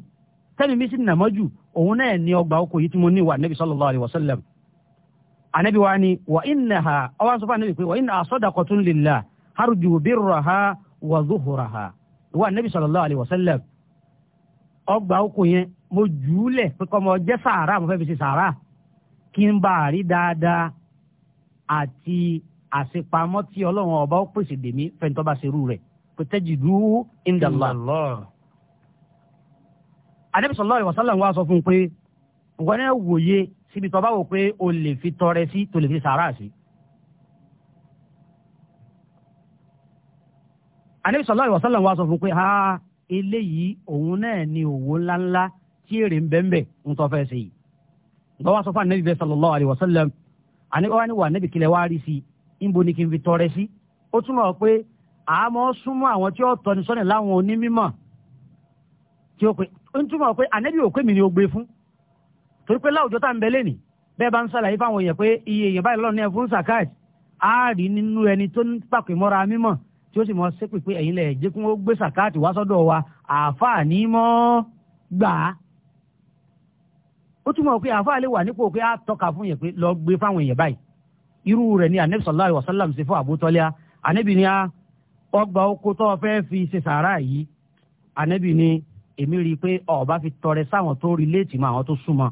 tẹ́mi mi sì nàmọ́ jù òun náà ní ọgbà oko yìí tí mo ní wà anabi sallallahu alaihi wasallam anabi wa ni wa innaha ọwọ́ sọ fún anabi pé wa innaha sadaqatun lillah harju birraha wa zuhuraha ìwà anabi sallallahu alaihi wasallam ọgbà oko yẹn mo jù ú mọ jẹ́ sàárà mo fẹ́ fi ṣe sàárà kí n bá rí dáadáa àti àṣepamọ́ tí ọlọ́run ọba ó pèsè dèmí fẹ́ntọ́ bá ṣerú rẹ̀ fatajiduhu inda Allah. Ànábì sallallahu alaihi wasallam wá sọ fún un pé wọ́n náà wòye síbi tó bá wò pé o lè fi tọrẹ sí tó lè fi sàárà sí. Ànábì sallallahu alaihi wasallam wá sọ fún un pé ha eléyìí òun náà ni òwò ńláńlá tí èrè ń bẹ́ńbẹ́ ń tọ́ fẹ́ sí i. Gbọ́ wá sọ fún Ànábì sallallahu alaihi wasallam àníwá ni wà Ànábì wá rí sí i, ń ni kí n fi tọrẹ sí. Ó túmọ̀ pé àmọ́ súnmọ́ àwọn tí ó tọ́ni sọ́nà láwọn onímọ̀ tí ó pe ń túmọ̀ pé ànẹ́bí ò pé mi ni ó gbé fún torí pé láwùjọ tá à bẹ lẹ́nì bẹ́ẹ̀ bá ń sàlàyé fáwọn èèyàn pé iye èèyàn báyìí lọ́nà ẹ̀ fún zakat á rí nínú ẹni tó ń pàpè mọ́ra mímọ̀ tí ó sì mọ sépè pé ẹ̀yin lẹ̀ jẹ́ kí gbé zakat wá sọ́dọ̀ wa àfààní mọ́ gbà á ó túmọ̀ pé àfàà wà nípò pé á tọ́ka fún yẹn pé lọ gbé fáwọn èèyàn báyìí irú rẹ̀ ni ànẹ́bí sallallahu alaihi wasallam ṣe fún àbútọ́lẹ́à ànẹ́bí ni á ọgbà oko tó o fẹ́ fi ṣe sàárà yìí ànábì ni èmi rí i pé ọba fi tọrẹ sáwọn tó rí léètì mọ àwọn tó súnmọ́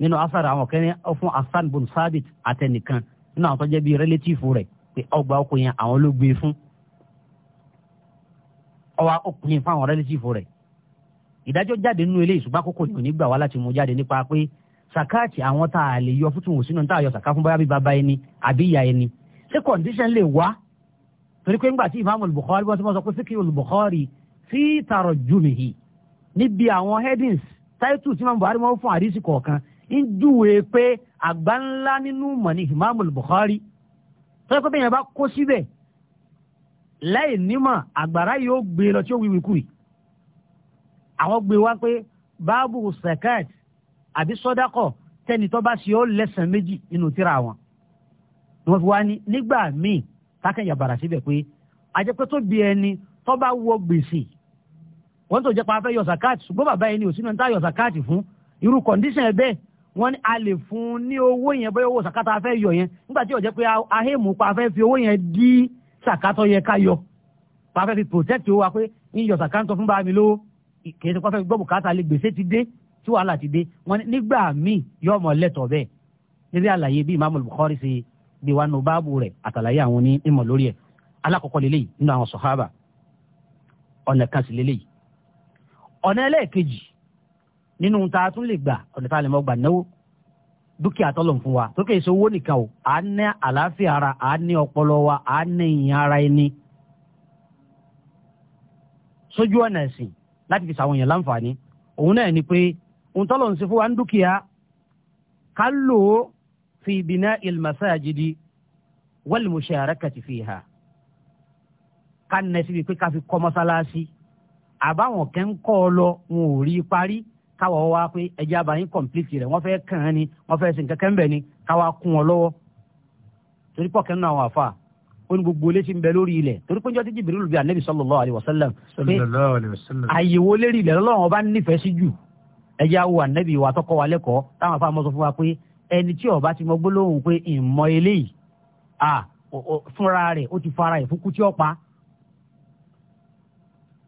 nínú asara àwọn kẹrin fún Hasan bun Sabit àtẹnìkan nínú àwọn tó jẹ́ bíi rẹlẹtífù rẹ̀ pé ọgbà oko yẹn àwọn ló gbé e fún ọwọ ọkùnrin fún àwọn rẹlẹtífù rẹ̀ ìdájọ́ jáde nínú ilé ìṣùgbọ́n àkókò ní onígbà wá láti mú jáde nípa pé sàkáàtì àwọn tá a lè yọ fún tòun sínú tá a yọ sàká fún báyà bíi bàbá ẹni àbí ìyá ẹni ṣé kọ̀ǹdíṣàn lè wá torí pé ńgbà tí imaamu bukhari wọ́n ti mọ̀ sọ pé fíkì bukhari fi tarjumihi níbi àwọn headings title tí imaamu buhari wọ́n fún àdísì kọ̀ọ̀kan ń júwe pé àgbà ńlá nínú mọ̀ ní imaamu bukhari torí pé bẹ́ẹ̀ bá kó síbẹ̀ láì nímọ̀ àgbàrá yóò gbé lọ tí ó wíwí kùrì àwọn gbé wá pé báàbù zakat àbí sọ́dákọ̀ tẹ́nitọ́ bá ṣe ó lẹ́sàn méjì nínú tíra wọn wọ́n fi wá ní nígbà míì kákẹ́yà bàrà síbẹ̀ pé àjẹpẹ́ tó bí ẹni tó bá wọ gbèsè wọ́n tó jẹ́ pa afẹ́ yọ zakat ṣùgbọ́n bàbá ẹni ò sínú ẹni tá yọ zakat fún irú kọ̀ǹdíṣàn ẹ bẹ́ẹ̀ wọ́n ní a lè fún un ní owó yẹn bóyá owó zakat afẹ́ yọ yẹn nígbà tí ó jẹ́ pé ahẹ́mù pa afẹ́ fi owó yẹn dí zakatọ́ yẹ ká yọ pa afẹ́ fi protect owó wa pé ń yọ zakatọ́ fún bàmí lówó kì í ṣe pàfẹ́ gbọ́ bùkátà lè gbèsè ti dé tí wàhálà ti dé wọ́n nígbà míì yọ ọmọ lẹ́tọ̀ọ́ bẹ́ẹ̀ níbi àlàyé bí Imam Bukhari ṣe bí wàá nu báàbù rẹ̀ àtàlàyé àwọn ní ìmọ̀ lórí ẹ̀ alákọ̀ọ́kọ́ lélẹ́yìí nínú àwọn sọ̀hábà ọ̀nà kan sí lélẹ́yìí ọ̀nà ẹlẹ́ẹ̀kejì nínú ta tún lè gbà ọ̀nà tá a lè mọ̀ gbà náwó dúkìá tọ́lọ̀ fún wa tó kèé owó nìkan o à á ní àlàáfíà ara à á ní ọpọlọ wa à á ní ìyìn ara ẹni sójú ọ̀nà ẹ̀sìn láti fi sàwọn èèyàn láǹfààní òun náà ni pé òun tọ́lọ̀ ń ṣe fún wa ń dúkìá ká lò ó في بناء المساجد والمشاركة فيها kan nẹsi bíi pé ká fi kọ́ mọ́sálásí àbáwọn kẹ́ ń kọ́ ọ lọ wọn ò rí i parí káwa wá pé ẹjẹ́ àbáyín kọ̀m̀plìtì rẹ̀ wọ́n fẹ́ kàn án ni wọ́n fẹ́ sìn kẹ́kẹ́ ń bẹ̀ ni káwa kún ọ lọ́wọ́ torí pọ̀ kẹ́nu àwọn àfa ó ní gbogbo létí ń bẹ lórí ilẹ̀ torí pé ń jọ́ tí Jibril bí anabi sallallahu alaihi pé àyèwò lérí ilẹ̀ lọ́wọ́ wọn bá sí jù ẹjẹ́ àwọn anabi wà tọkọ wa lẹ́kọ̀ọ́ táwọn afa mọ́ fún wa pé ẹni tí ọba ti mọ gbólóhùn pé ìmọ̀ eléyìí à fúnra rẹ̀ ó ti fara ìfúkú tí ó pa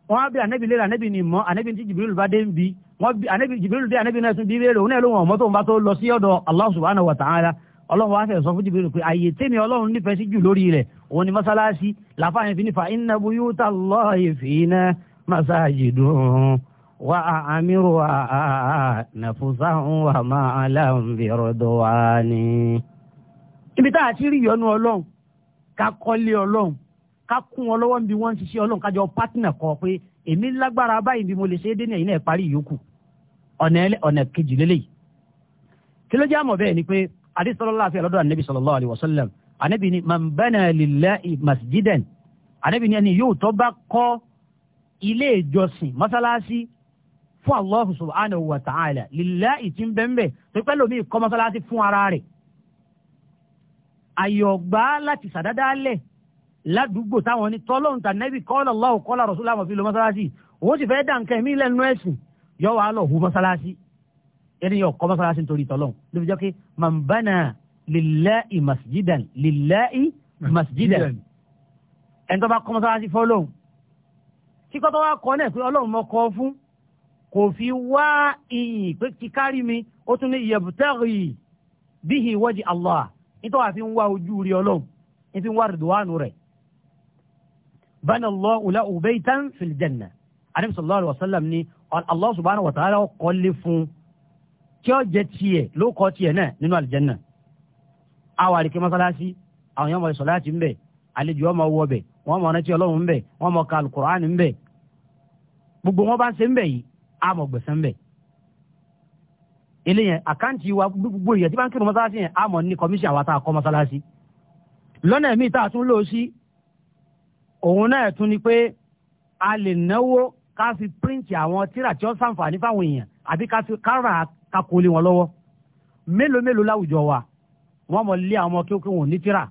wọn á bí anabi léra anabi ni mọ anabi ti jibirilu bá dé ń bi wọn bí anabi jibirilu bí anabi náà tún bí léèrè òun náà ló wọn mọtò ń bá tó lọ sí ọ̀dọ̀ Allah subhanahu wa ta'ala Ọlọ́run wa fẹ́ fún jibirilu pé àyè tèmi Ọlọ́run nífẹ̀ẹ́ sí jù lórí rẹ̀ òun ni mọ́sálásí làfààyàn fi nífa inna buyuta Allahi fina وأعمرها نفسهم وما لهم برضوان ibi tá a ti rí ìyọnu ọlọ́run ká kọ́lé ọlọ́run ká kún wọn lọ́wọ́ níbi wọ́n ń ṣiṣẹ́ ọlọ́run kájọ pátínà kọ pé èmi lágbára báyìí bí mo lè ṣe é dénìyàn náà parí ìyókù ọ̀nà kejì lélẹ́yìí. kí ló jẹ́ àmọ̀ bẹ́ẹ̀ ni pé adisọ́lọ́lá àfi ọlọ́dọ̀ anabi sallallahu alaihi wasallam anabi ni man bana masjidan anabi ni ẹni yóò tó bá kọ́ ilé ìjọsìn mọ́sálásí fún Allahu subhanahu wa ta'ala lillahi tí ń bẹ́ńbẹ́ tó pẹ́ lómi kọ́ mọ́sálásí fún ara rẹ̀ àyọ̀gbá láti sàdádálẹ̀ ládùúgbò táwọn ní tọ́lọ́hùn tà nẹ́bí kọ́lá Allahu kọ́lá rọ̀súlá mọ̀ fi lo mọ́sálásí òun sì fẹ́ dà nǹkan mí lẹ́nu ẹ̀sìn yọ wàá lọ hu mọ́sálásí ẹni yọ kọ́ mọ́sálásí nítorí tọ́lọ́hùn ló fi jẹ́ pé man bana kíkọ́ tó wá kọ́ náà pé ọlọ́run mọ́ kọ́ fún kò fi wá iyì pé kí kárí mi ó tún ní yabtaghi bihi waji Allah nítorí àfi ń wá ojú rí ọlọ́run ní fi ń wá rìdùwánu rẹ̀. bana Allahu lahu baytan fil janna anabi sallallahu alayhi wa sallam ni Allah subhanahu wa ta'ala kọ́lé fún kí ọ jẹ tiẹ̀ ló kọ́ tiẹ̀ náà nínú aljanna. àwọn àríkè masalasi àwọn yẹn mọ̀ sọ̀lá ti ń ọmọ wọ bẹ̀ wọ́n mọ̀ tí ọlọ́run ń bẹ̀ wọ́n mọ̀ ka gbogbo wọn bá ń ṣe ń yìí àmọ̀ gbẹ̀sán bẹ̀. eléyẹn àkáǹtì wa gbogbo ìyẹn tí bá ń kírun mọ́sálásí yẹn àmọ̀ ní kọmíṣàn wa tá a kọ́ mọ́sálásí. lọ́nà míì tá a tún lò sí òun náà tún ni pé a lè náwó ká fi píríǹtì àwọn tíra tí ó sàǹfààní fáwọn èèyàn àbí ká fi kára kakoli wọn lọ́wọ́ mélòó mélòó láwùjọ wa wọ́n mọ̀ lé àwọn ọmọ kí ó kí wọn ní tíra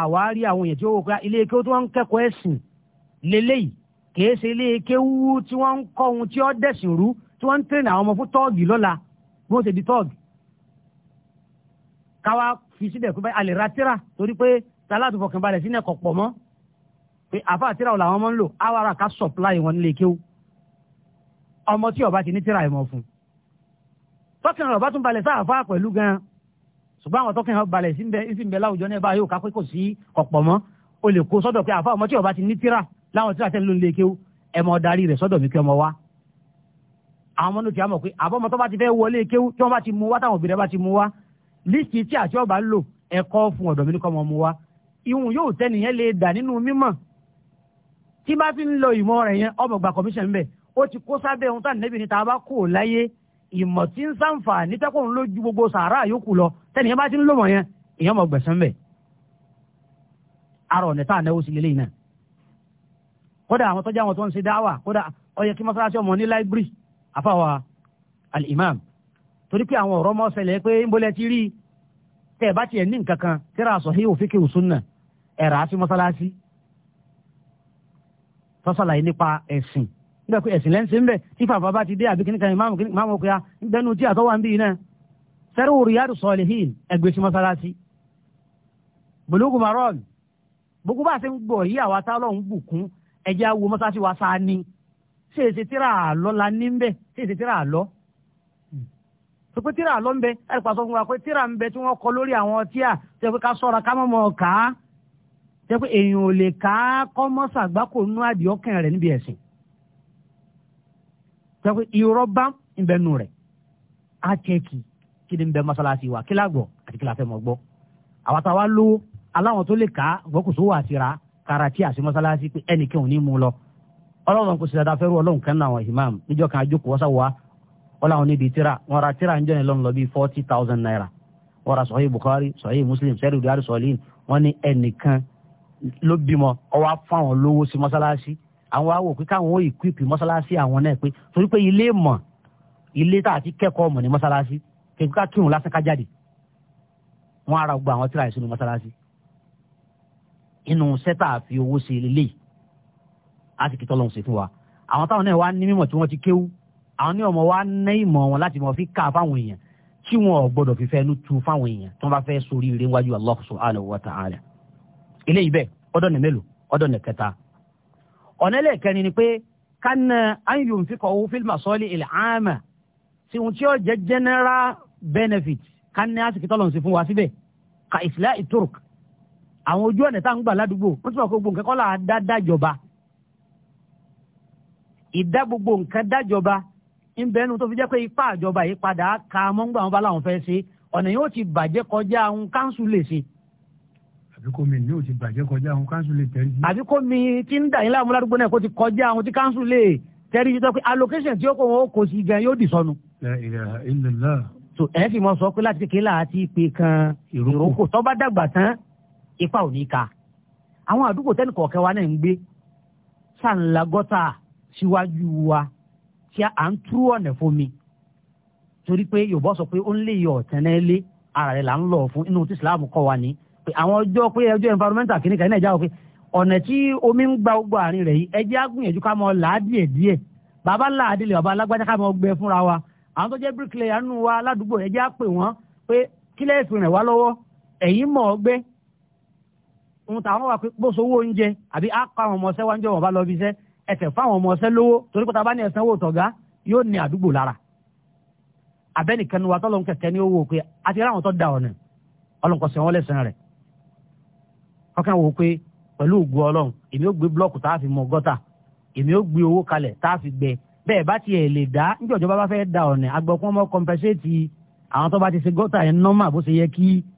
àwárí àwọn èèyàn tí ó wò pé ilé kí ó tún wọn kẹ́kọ̀ọ́ ẹ̀sìn lélẹ́yìí kìí ṣe ilé kéwú tí wọ́n ń kọ́ ohun tí ó dẹ̀sìn rú tí wọ́n ń tẹ̀lé àwọn ọmọ fún tọ́ọ̀gì lọ́la bí wọ́n ṣe di tọ́ọ̀gì. káwa fi síbẹ̀ pé alẹ́ ra tíra torí pé sàlátù fọkànbalẹ̀ sínú ẹ̀kọ́ pọ̀ mọ́ pé àfa àtíra ò làwọn ọmọ ń lò awara ká sọ̀pláì wọn nílé kéwú. ọmọ tí ọba ti ní tíra ìmọ̀ fún. tọ́kìn rẹ̀ ọba tún balẹ̀ sáàfà pẹ̀lú gan ṣùgbọ́n àwọn tọ́kìn rẹ̀ balẹ̀ sí ń bẹ láwùjọ náà láwọn tí a ti ń lò nílé kéwú ẹ mọ darí rẹ̀ sọ́dọ̀ mi kí ọmọ wa àwọn ọmọ náà kì í mọ̀ pé àbọ̀mọ tó bá ti fẹ́ wọlé kéwú tí wọ́n bá ti mú wa táwọn òbí rẹ̀ bá ti mú wa lísì tí àti ọba ń lò ẹ̀kọ́ fún ọ̀dọ̀ mi ní kọ́mọ mu wa ìhun yóò tẹ́nìyẹn lè dà nínú mímọ̀ tí bá fi ń lọ ìmọ̀ rẹ̀ yẹn ọmọ gba commission bẹ̀ ó ti kó sábẹ́ ohun ni tá a bá kó láyé ìmọ̀ tí ń sàǹfà ní tẹ́kùn ló ju gbogbo sàárà yòókù lọ tẹ́nìyẹn bá ti kódà àwọn tọ́jà wọn tó ń ṣe dáwà kódà ó yẹ kí mọ́sálásí ọmọ ní láìbírì àfàwà al-imam torí pé àwọn ọ̀rọ̀ mọ́ sẹlẹ̀ pé ń bolẹ̀ ti rí ẹ̀ bá tiẹ̀ ní nǹkan kan tíra sahihu fiqh sunna ẹ̀rà sí mọ́sálásí tọ́sàlàyé nípa ẹ̀sìn nígbà pé ẹ̀sìn ti dé àbí kíníkan ìmáàmù a ṣe ń ẹ̀jẹ̀ awo mọ́sáàsì wa sáà ni ṣe èsì tíra àlọ́ la ní ń bẹ̀ ṣe èsì tíra àlọ́ sọ pé tíra àlọ́ ń bẹ ẹ̀rì pàṣọ fún wa pé tíra ń bẹ tí wọ́n kọ lórí àwọn tíà tẹ pé ká sọ̀ra ká mọ̀ mọ̀ ká tẹ pé èèyàn ò lè ká kọ́ mọ́sàgbákò nú àdìọ́kàn rẹ̀ níbi ẹ̀sìn tẹ pé irọ́ bá ń bẹ nù á chẹ́kì kí ni ń bẹ wa kí lágbọ̀ àti kí la fẹ́ mọ̀ gbọ́ àwọn táwa lówó aláwọn tó lè ká gbọ́kùsówó àti ra karati àti mọ́sálásí pé ẹnìkan ò ní mú lọ ọlọ́run kò sì dáadáa fẹ́rù ọlọ́run kan náà àwọn imam níjọ́ kan ajókòó wọ́sà wá wọ́n làwọn níbi tíra wọ́n ra tíra ń jọ́ni lọ́nà lọ bíi forty thousand naira wọ́n ra sọ̀hí bukhari sọ̀hí muslim sẹ́rì ìdúrárì sọ̀lín wọ́n ní ẹnìkan ló bímọ ọwọ́ fáwọn lówó sí mọ́sálásí àwọn awò pé káwọn ó ìkúìpì mọ́sálásí àwọn náà pé torí pé ilé mọ̀ ilé tá àti kẹ́kọ̀ọ́ mọ̀ ní inú sẹ́tà àfi owó ṣe lélẹ̀ á sì kí tọ́lọ́hún ṣe fún wa àwọn táwọn náà wá ní mímọ̀ tí wọ́n ti kéwú àwọn ní ọmọ wa ná ìmọ̀ wọn láti mọ̀ fi ká fáwọn èèyàn tí wọn ò gbọdọ̀ fi fẹ́nu tu fáwọn èèyàn tí wọ́n bá fẹ́ sórí ire wájú Allah subhanahu wa ta'ala eléyìí bẹ́ẹ̀ ọdọ̀ ní mélòó ọdọ̀ ní kẹta ọ̀nà ẹlẹ́ẹ̀kẹrin ni pé kánà ayùn fi kọ̀wé fílmà sọ́ọ́lì ilẹ̀ àmà tí wọn tí ó jẹ́ general benefit kánà àsìkítọ́lọ̀ sí fún wa síbẹ̀ ka isla iturk àwọn ojú ọ̀nà táwọn gbà ládùúgbò wọ́n ti mọ̀ pé gbogbo nǹkan kọ́ là á dá dájọba ìdá gbogbo nǹkan dájọba ń bẹnu tó fi jẹ́ pé ipá àjọba yìí padà ka mọ́ngbà wọn bá làwọn fẹ́ ṣe ọ̀nà yóò ti bàjẹ́ kọjá àwọn káńsù lè ṣe. àbí kò mi ní o ti bàjẹ́ kọjá àwọn káńsù lè tẹ́rí. àbí kò mi ti ń dà yín láàmú ládùúgbò náà kó ti kọjá àwọn tí káńsù lè tẹ́rí yìí tó pé allocation tí ó kó wọn ó kó sí gan yóò dì sọnù. la ilaha illallah. so ẹ fi mọ sọ pé láti kékeré àti ìpè kan ìrókò tó bá dàgbà tán ipa ò ní ka àwọn àdúgbò tẹ́nì kọ̀ọ̀kẹ́ wa náà ń gbé sànlá gọ́tà síwájú wa tí à ń túrú ọ̀nà fomi torí pé yorùbá sọ pé ó ń lè yọ ọ̀tẹ̀ lé ara rẹ̀ là ń lọ fún inú tí islam kọ́ wa ní pé àwọn ọjọ́ pé ẹjọ́ environmental kìíní kan ní nàìjíríà wọ pé ọ̀nà tí omi ń gba gbogbo àárín rẹ̀ yìí ẹjẹ́ àgbìyànjú ká mọ làá díẹ̀ díẹ̀ bàbá ńlá àdìlẹ̀ bàbá alágbájá ká mọ gbẹ fúnra wa àwọn tó jẹ́ bricklayer nù wa ládùúgbò ẹjẹ́ á pè wọ́n pé kílẹ̀ ìfìrìn wá ń ta àwọn wà pé bóso owó oúnjẹ àbí á àwọn ọmọọṣẹ́ wá wọn bá lọ bí iṣẹ́ ẹsẹ̀ fáwọn ọmọọṣẹ́ lówó torí pé ta ní ẹ̀sán owó tọ̀gá yóò ní àdúgbò lára abẹ́nìkan wa tọ́lọ́ ń kẹ̀kẹ́ ní owó pé àti ráwọn tó da ọ̀nà ọlọ́nkọ̀sẹ̀ wọn lẹ́sẹ̀ rẹ̀ ọkàn wò pé pẹ̀lú ògùn ọlọ́run èmi ó gbé blọ́ọ̀kù tá a fi mọ gọ́tà èmi ó gbé owó kalẹ̀ tá a fi gbẹ bẹ́ẹ̀ bá tiẹ̀ lè dá níjọ́ ìjọba bá fẹ́ da ọ̀nà agbọ̀kún ọmọ kọmpẹ́sẹ̀tì àwọn tó ti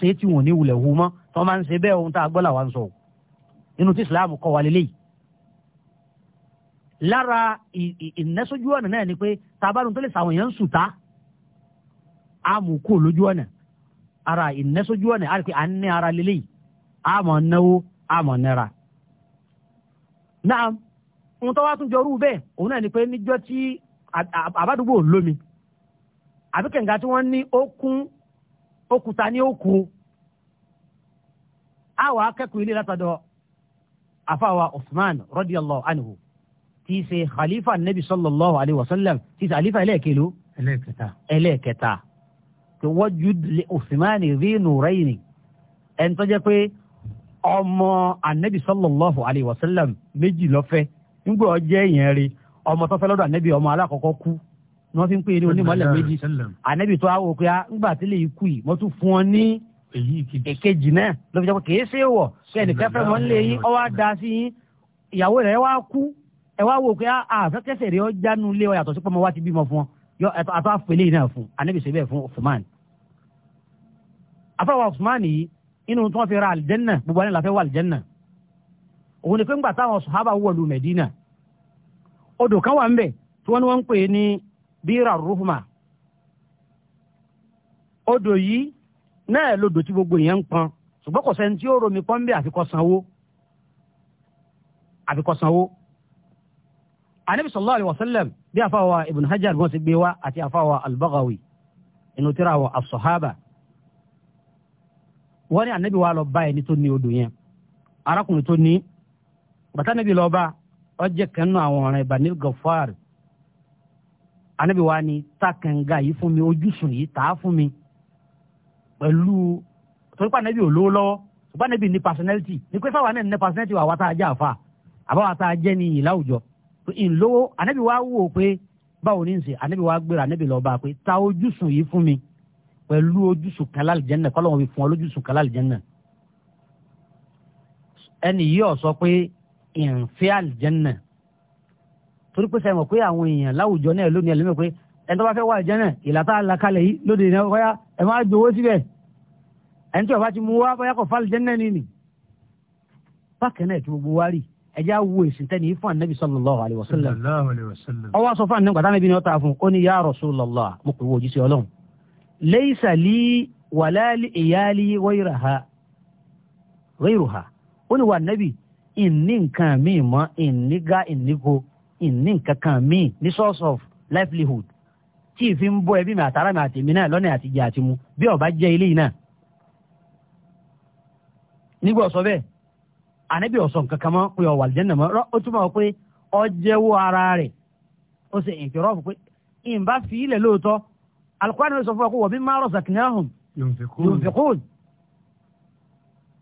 ṣe tó máa ń ṣe bẹ́ẹ̀ ohun tá a gbọ́ làwa ń sọ nínú tí islam kọ́ wa lélẹ́yìí lára ìnẹ́sójú ọ̀nà náà ni pé tabarun tó lè sàwọn èèyàn ń sùtá á lójú ọ̀nà ara ìnẹ́sójú ọ̀nà àti à ń ní ara lélẹ́yìí á mọ̀ náwó á mọ̀ nára. náà ohun tó wá tún jọrú bẹ́ẹ̀ òun náà ni pé níjọ́ tí àbádúgbò lómi àbíkẹ̀ǹgà tí wọ́n ní ó kún òkúta ní òkun àwọn akẹ́kọ̀ọ́ ilé látọ̀dọ̀ afáwa usman radiyallahu anhu tí í ṣe khalifa nabi sallallahu alayhi wa sallam tí í ṣe khalifa ẹlẹ́ẹ̀kẹ́lú ẹlẹ́ẹ̀kẹta ẹlẹ́ẹ̀kẹta tó wọ́jú usman rí nùrẹ́yìn ẹni tó jẹ́ pé ọmọ anabi sallallahu alayhi wa sallam méjì lọ́fẹ́ nígbà ọjẹ́ yẹn rí ọmọ tó fẹ́ lọ́dọ̀ anabi ọmọ alákọ̀ọ́kọ́ kú ni wọ́n fi ń pè é ní onímọ̀lẹ̀ méjì anabi tó á wò pé á ah, ńgbà tí lè kú yìí wọ́n fún ọ ní èyí ti bẹ kejì náà ló fi jẹ́ pé kìí ṣe wọ̀ kí ẹnìkan fẹ́ mọ́ nílé yín ọwọ́ da sí yín ìyàwó rẹ̀ wá kú ẹ wá wò pé àfẹ́kẹsẹ̀ ah, ah, rẹ̀ ọjà nu ilé ọyàtọ̀ sí pọ́nmọ́ wá ti bímọ fún ọ yọ àtọ́ àfẹ́lẹ́ yìí náà fún anábì ṣe bẹ́ẹ̀ fún Usman afọwọ́ Usman yìí inú tí wọ́n fi ra àlìjẹ́nà gbogbo ẹni làfẹ́ wà àlìjẹ́nà òun ni pé ńgbà táwọn sọ̀hábà wọ̀lú Mẹ̀dínà odò kan wà ń bẹ̀ tí wọ́n ní wọ́n ń pè ní bíra rúfùmà odò yìí náà lodò tí gbogbo yẹn ń pọn ṣùgbọ́n kò sẹ́ni tí ó romi pọ́n bí àfikọ́ sanwó àfikọ́ sanwó. anabi sallallahu alayhi wa sallam bí afáwa ibn hajar wọn ti gbé wa àti afáwa albagawi inú tíra wa asọ̀hábà wọ́n ní anabi wa lọ bá ẹni tó ní odò yẹn arákùnrin tó ní bàtà anabi lọ bá ọjẹ́ kẹ́nu àwọn ọ̀ràn ìbànú gafari anabi wa ni tá kànga yìí fún mi ojúsùn yìí tá fún mi pẹ̀lú torípa nẹ́bí ò lówó lọ́wọ́ torípa nẹ́bí ní personality ní pé fáwọn náà ní personality wà wá tá a jẹ́ àfa àbáwá tá a jẹ́ ní ìlà òjọ ìlówó ànẹ́bí wa wò ó pé báwo ní nsè ànẹ́bí wa gbéra ànẹ́bí lọ́ọ́ bá a pé ta ojúsùn yìí fún mi pẹ̀lú ojúsùn kan lálìjẹ́nà kọ́ lọ́wọ́ fi fún ọ lójúsùn kan lálìjẹ́nà ẹnì yìí ọ̀ sọ pé ìrìnfẹ́ àlìjẹ́nà torí pé sẹ́wọ̀n pé àwọn èèyàn láwùjọ náà lónìí ẹlẹ́mẹ̀ pé ẹni tó bá fẹ́ wà jẹ́nà ìlàtà àlàkalẹ̀ yìí lóde ìnáwó bóyá ẹ máa gbowó síbẹ̀ ẹni tí ọba ti mú wá bóyá kò fálì jẹ́nà ni nì. bákan náà tí gbogbo wa rí ẹjẹ́ awo èsìn tẹ́ni fún anabi sallallahu alayhi wa sallam. ọwọ́ sọ fún anabi tánàbí ni ó ta fún ó ní ya Rasulullah mo ìní nǹkan míì mọ́ ìní ga ìní ìní nǹkan kan míì ní source of livelihood tí fi ń ẹbí mi àtàrà mi àtèmi náà lọ́nà àtijẹ àti mu bí ọba jẹ́ ilé yìí náà. nígbà ọ̀sọ́ bẹ́ẹ̀ ànábì ọ̀sọ̀ nǹkan kan mọ́ pé ọ̀wà àlùjẹ́ ó túmọ̀ ọ jẹ́wọ́ ara rẹ̀ ó ṣe ìkìrọ́ọ̀fù pé ìǹbá fi ilẹ̀ lóòótọ́ alukóra ni sọ fún wa wọ́n bí márùn sàkínyàhùn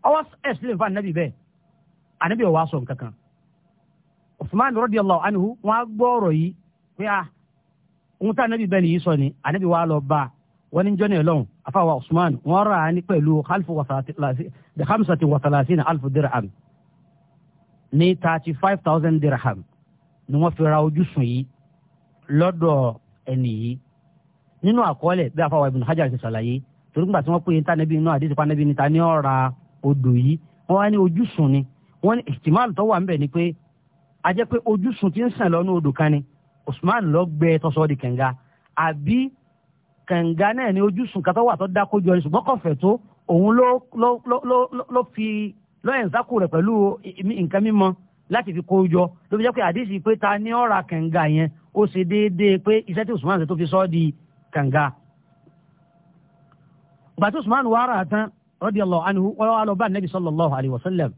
ọwọ́ ẹ̀sìn ànábì bẹ́ẹ̀ ń tá anabi bẹ́ẹ̀ nìyí sọ ni anabi wà lọ bá wọn ní jọ́nà ẹlọ́hùn afáwà usman wọn rà á ní pẹ̀lú alfu hamsati wasalasina alfu dirham ní thirty five thousand dirham ni wọ́n fi ra ojú sùn yìí lọ́dọ̀ ẹni yìí nínú àkọọ́lẹ̀ bí afáwà ibn hajar ti ṣàlàyé torí gbà tí wọ́n pè é tànàbí inú àdéhùn pànàbí ni ta ni ó ra odò yìí wọ́n wá ní ojúsùn ni wọ́n ní ìtìmáàlù tó wà ń bẹ̀ ni pé a jẹ́ pé ojúsùn ti ń sàn lọ́nú odò kan ni usman lọ gbẹ tọsọ di kànga àbí kànga náà ni ojúsùn kátó wà tó dákó jọ ṣùgbọ́n kọfẹ́ tó òun ló ló ló ló fi lọ́yìn sákò rẹ̀ pẹ̀lú nǹkan mímọ́ láti fi kó jọ ló fi jẹ́ pé àdéhìí pé ta ní ọ̀ra kànga yẹn ó ṣe déédéé pé iṣẹ́ tí usman ṣe tó fi sọ di kànga. ìgbà tí usman wà rà tán radiyallahu anhu wọ́n wá lọ bá nẹ́bí sallallahu alayhi wa sallam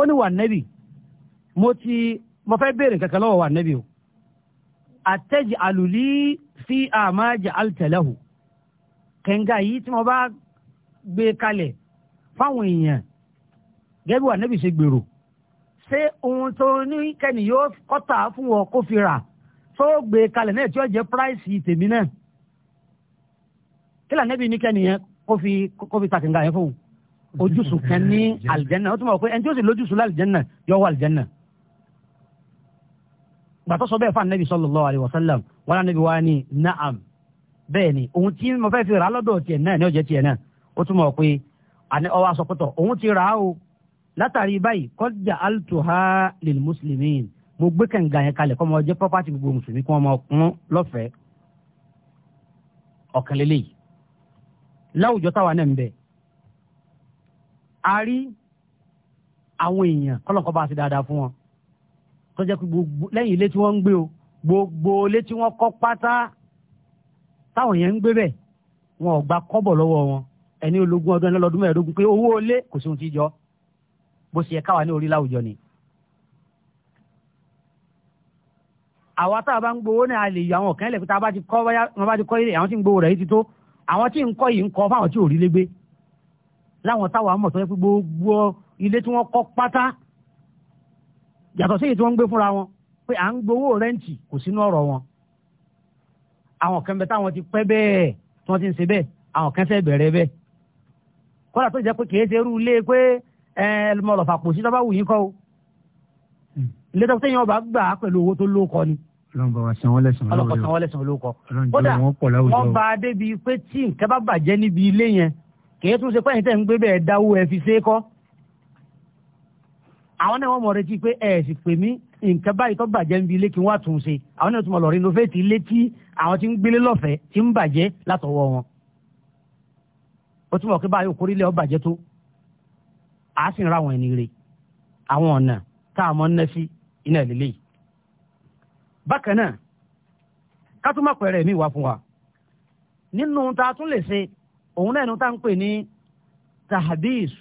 ó ní wà nẹ́bí mo ti mo fẹ́ béèrè kankan àtẹ́jì àlùlí sí àmà jẹ́ àlùtẹ̀lẹ́hù kẹ̀ǹgà yìí tí wọ́n bá gbé kalẹ̀ fáwọn èèyàn gẹ́gẹ́ bí wà níbi ṣe gbèrò ṣé ohun tó ní kẹ́ni yóò kọ́tà fún wọn kó fi rà tó gbé kalẹ̀ náà tí ó jẹ́ price tèmi náà kí lànà bí ní kẹ́ni yẹn kó fi kó fi ta kẹ̀ǹgà yẹn fún un ojúṣu kan ní àlìjẹ́nà ó tún bọ̀ pé ẹni tí ó sì lójúṣu lálìjẹ́nà yọ wọ àlìjẹ́nà gbàtọ́ sọ bẹ́ẹ̀ fún anabi sallallahu alaihi wasallam wọn anabi wa ni na'am bẹ́ẹ̀ ni òun tí mo fẹ́ fi rà á lọ́dọ̀ tiẹ̀ náà ní ọ̀jẹ̀ tiẹ̀ náà ó túmọ̀ pé ọwọ́ asọ̀pọ̀tọ̀ òun ti rà á o látàrí báyìí kọjá altuha lil muslimin mo gbé kànga yẹn kalẹ̀ kọ́ ọmọ ọjọ́ pọ́pátì gbogbo mùsùlùmí kí wọ́n máa kún lọ́fẹ̀ẹ́ ọ̀kan lélẹ́yìí láwùjọ táwa náà ń bẹ a rí àwọn èèyàn kọ́lọ́kọ́ bá a ti dáadáa fún wọn tọ́jà pé gbogbo lẹ́yìn ilé tí wọ́n ń gbé o gbogbo ilé tí wọ́n kọ́ pátá táwọn yẹn ń gbé bẹ̀ wọn ò gba kọ́bọ̀ lọ́wọ́ wọn ẹni ológun ọdún ẹni lọ́dún mẹ́ẹ̀ẹ́dógún pé owó ilé kò sí ohun tí jọ bó ṣe yẹ káwa ní orí láwùjọ ni. àwa tá a bá ń gbowó náà a lè yọ àwọn ọ̀kẹ́ lẹ̀ pé tá a bá ti kọ́ ilé àwọn tí ń gbowó rẹ̀ yìí ti tó àwọn tí ń kọ́ yìí ń kọ́ fáwọn tí ò rí lé gbé láwọn táwa mọ̀ tó pé gbogbo ilé tí wọ́n kọ́ pátá yàtọ̀ sí èyí tí wọ́n ń gbé fúnra wọn pé à ń gbowó rẹ́ǹtì kò sínú ọ̀rọ̀ wọn àwọn kan bẹ táwọn ti pẹ́ bẹ́ẹ̀ tí wọ́n ti ń ṣe bẹ́ẹ̀ àwọn kan fẹ́ bẹ̀rẹ̀ bẹ́ẹ̀ kọ́lá tó jẹ́ pé kìí ṣe irú ilé pé ẹ mọ lọ́fà kò sí tọ́ba wù yín kọ́ o ilé tó tẹ́yìn ọba gbà á pẹ̀lú owó tó ló kọ ni. ọlọ́run bá wa lẹ́sàn-án lọ́wọ́ ọlọ́run san wọ́n lẹ́sàn-án ló kọ àwọn náà wọ́n mọ̀ retí pé ẹ̀ sì pè mí nǹkan báyìí tó bàjẹ́ ń bi ilé kí wọ́n àtún ṣe àwọn náà tún mọ̀ lọ rinovate ilé tí àwọn ti ń gbélé lọ́fẹ̀ẹ́ ti ń bàjẹ́ látọwọ́ wọn. ó túmọ̀ pé báyìí òkúrí ilé ọ bàjẹ́ tó a sì ń ra àwọn ẹni rè àwọn ọ̀nà tá a mọ̀ ń ná sí iná ìlélẹ̀ yìí. bákan náà ká tún má pẹ̀rẹ̀ mi wá fún wa nínú tá tún lè ṣe òun náà ní tá à ń pè ní tahabis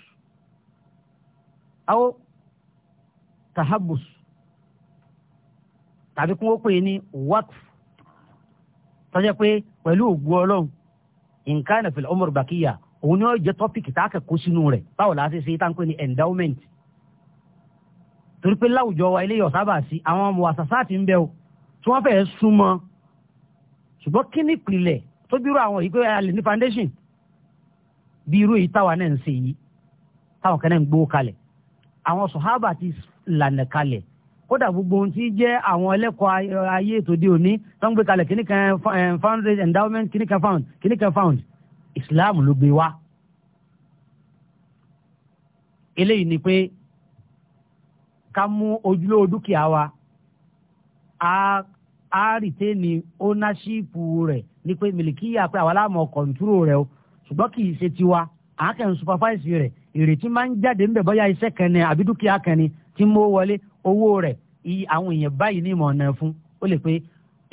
tahabus tàbí kí wọ́n pè ní wakf tọ́jà pé pẹ̀lú ògùn ọlọ́run nǹkan ẹ̀nàfẹ̀lẹ̀ ọmọrù bàkíyà òun ni ó jẹ́ tọ́pìkì tá a kẹ́kọ̀ọ́ sínú rẹ̀ báwo la ṣe ṣe tá à pè ní endowment torí pé láwùjọ wa eléyìí ọ̀sábà sí àwọn ọmọ àṣàṣáàtì ń bẹ o tí wọ́n fẹ́ẹ́ súnmọ́ ṣùgbọ́n kí ni ìpìlẹ̀ tó bírò àwọn yìí pé a lè ní foundation bí irú èyí táwa náà ń ṣe yìí táwọn kan lànà kalẹ̀ kódà gbogbo ohun tí jẹ́ àwọn ẹlẹ́kọ̀ọ́ ayé tòde òní tó ń gbé kalẹ̀ kíní kan fundraise eh, endowment kíní kan found kíní kan found Islam ló gbé wá. eléyìí ni pé ká mú ojúlówó dúkìá wa a rìtẹ́ẹ̀nì ownership rẹ̀ ni pé mìlìkìyà pé àwa láàmú kọ̀ǹtúrò rẹ̀ o ṣùgbọ́n kì í ṣe tiwa àákẹ́hìn supervise rẹ̀ ìrètí máa ń jáde ńbẹ̀ bọ́yá iṣẹ́ kan àbí dúkìá kan tí mo wọlé owó rẹ̀ iye àwọn èèyàn báyìí ní ìmọ̀ ọ̀nà fún ó lè pé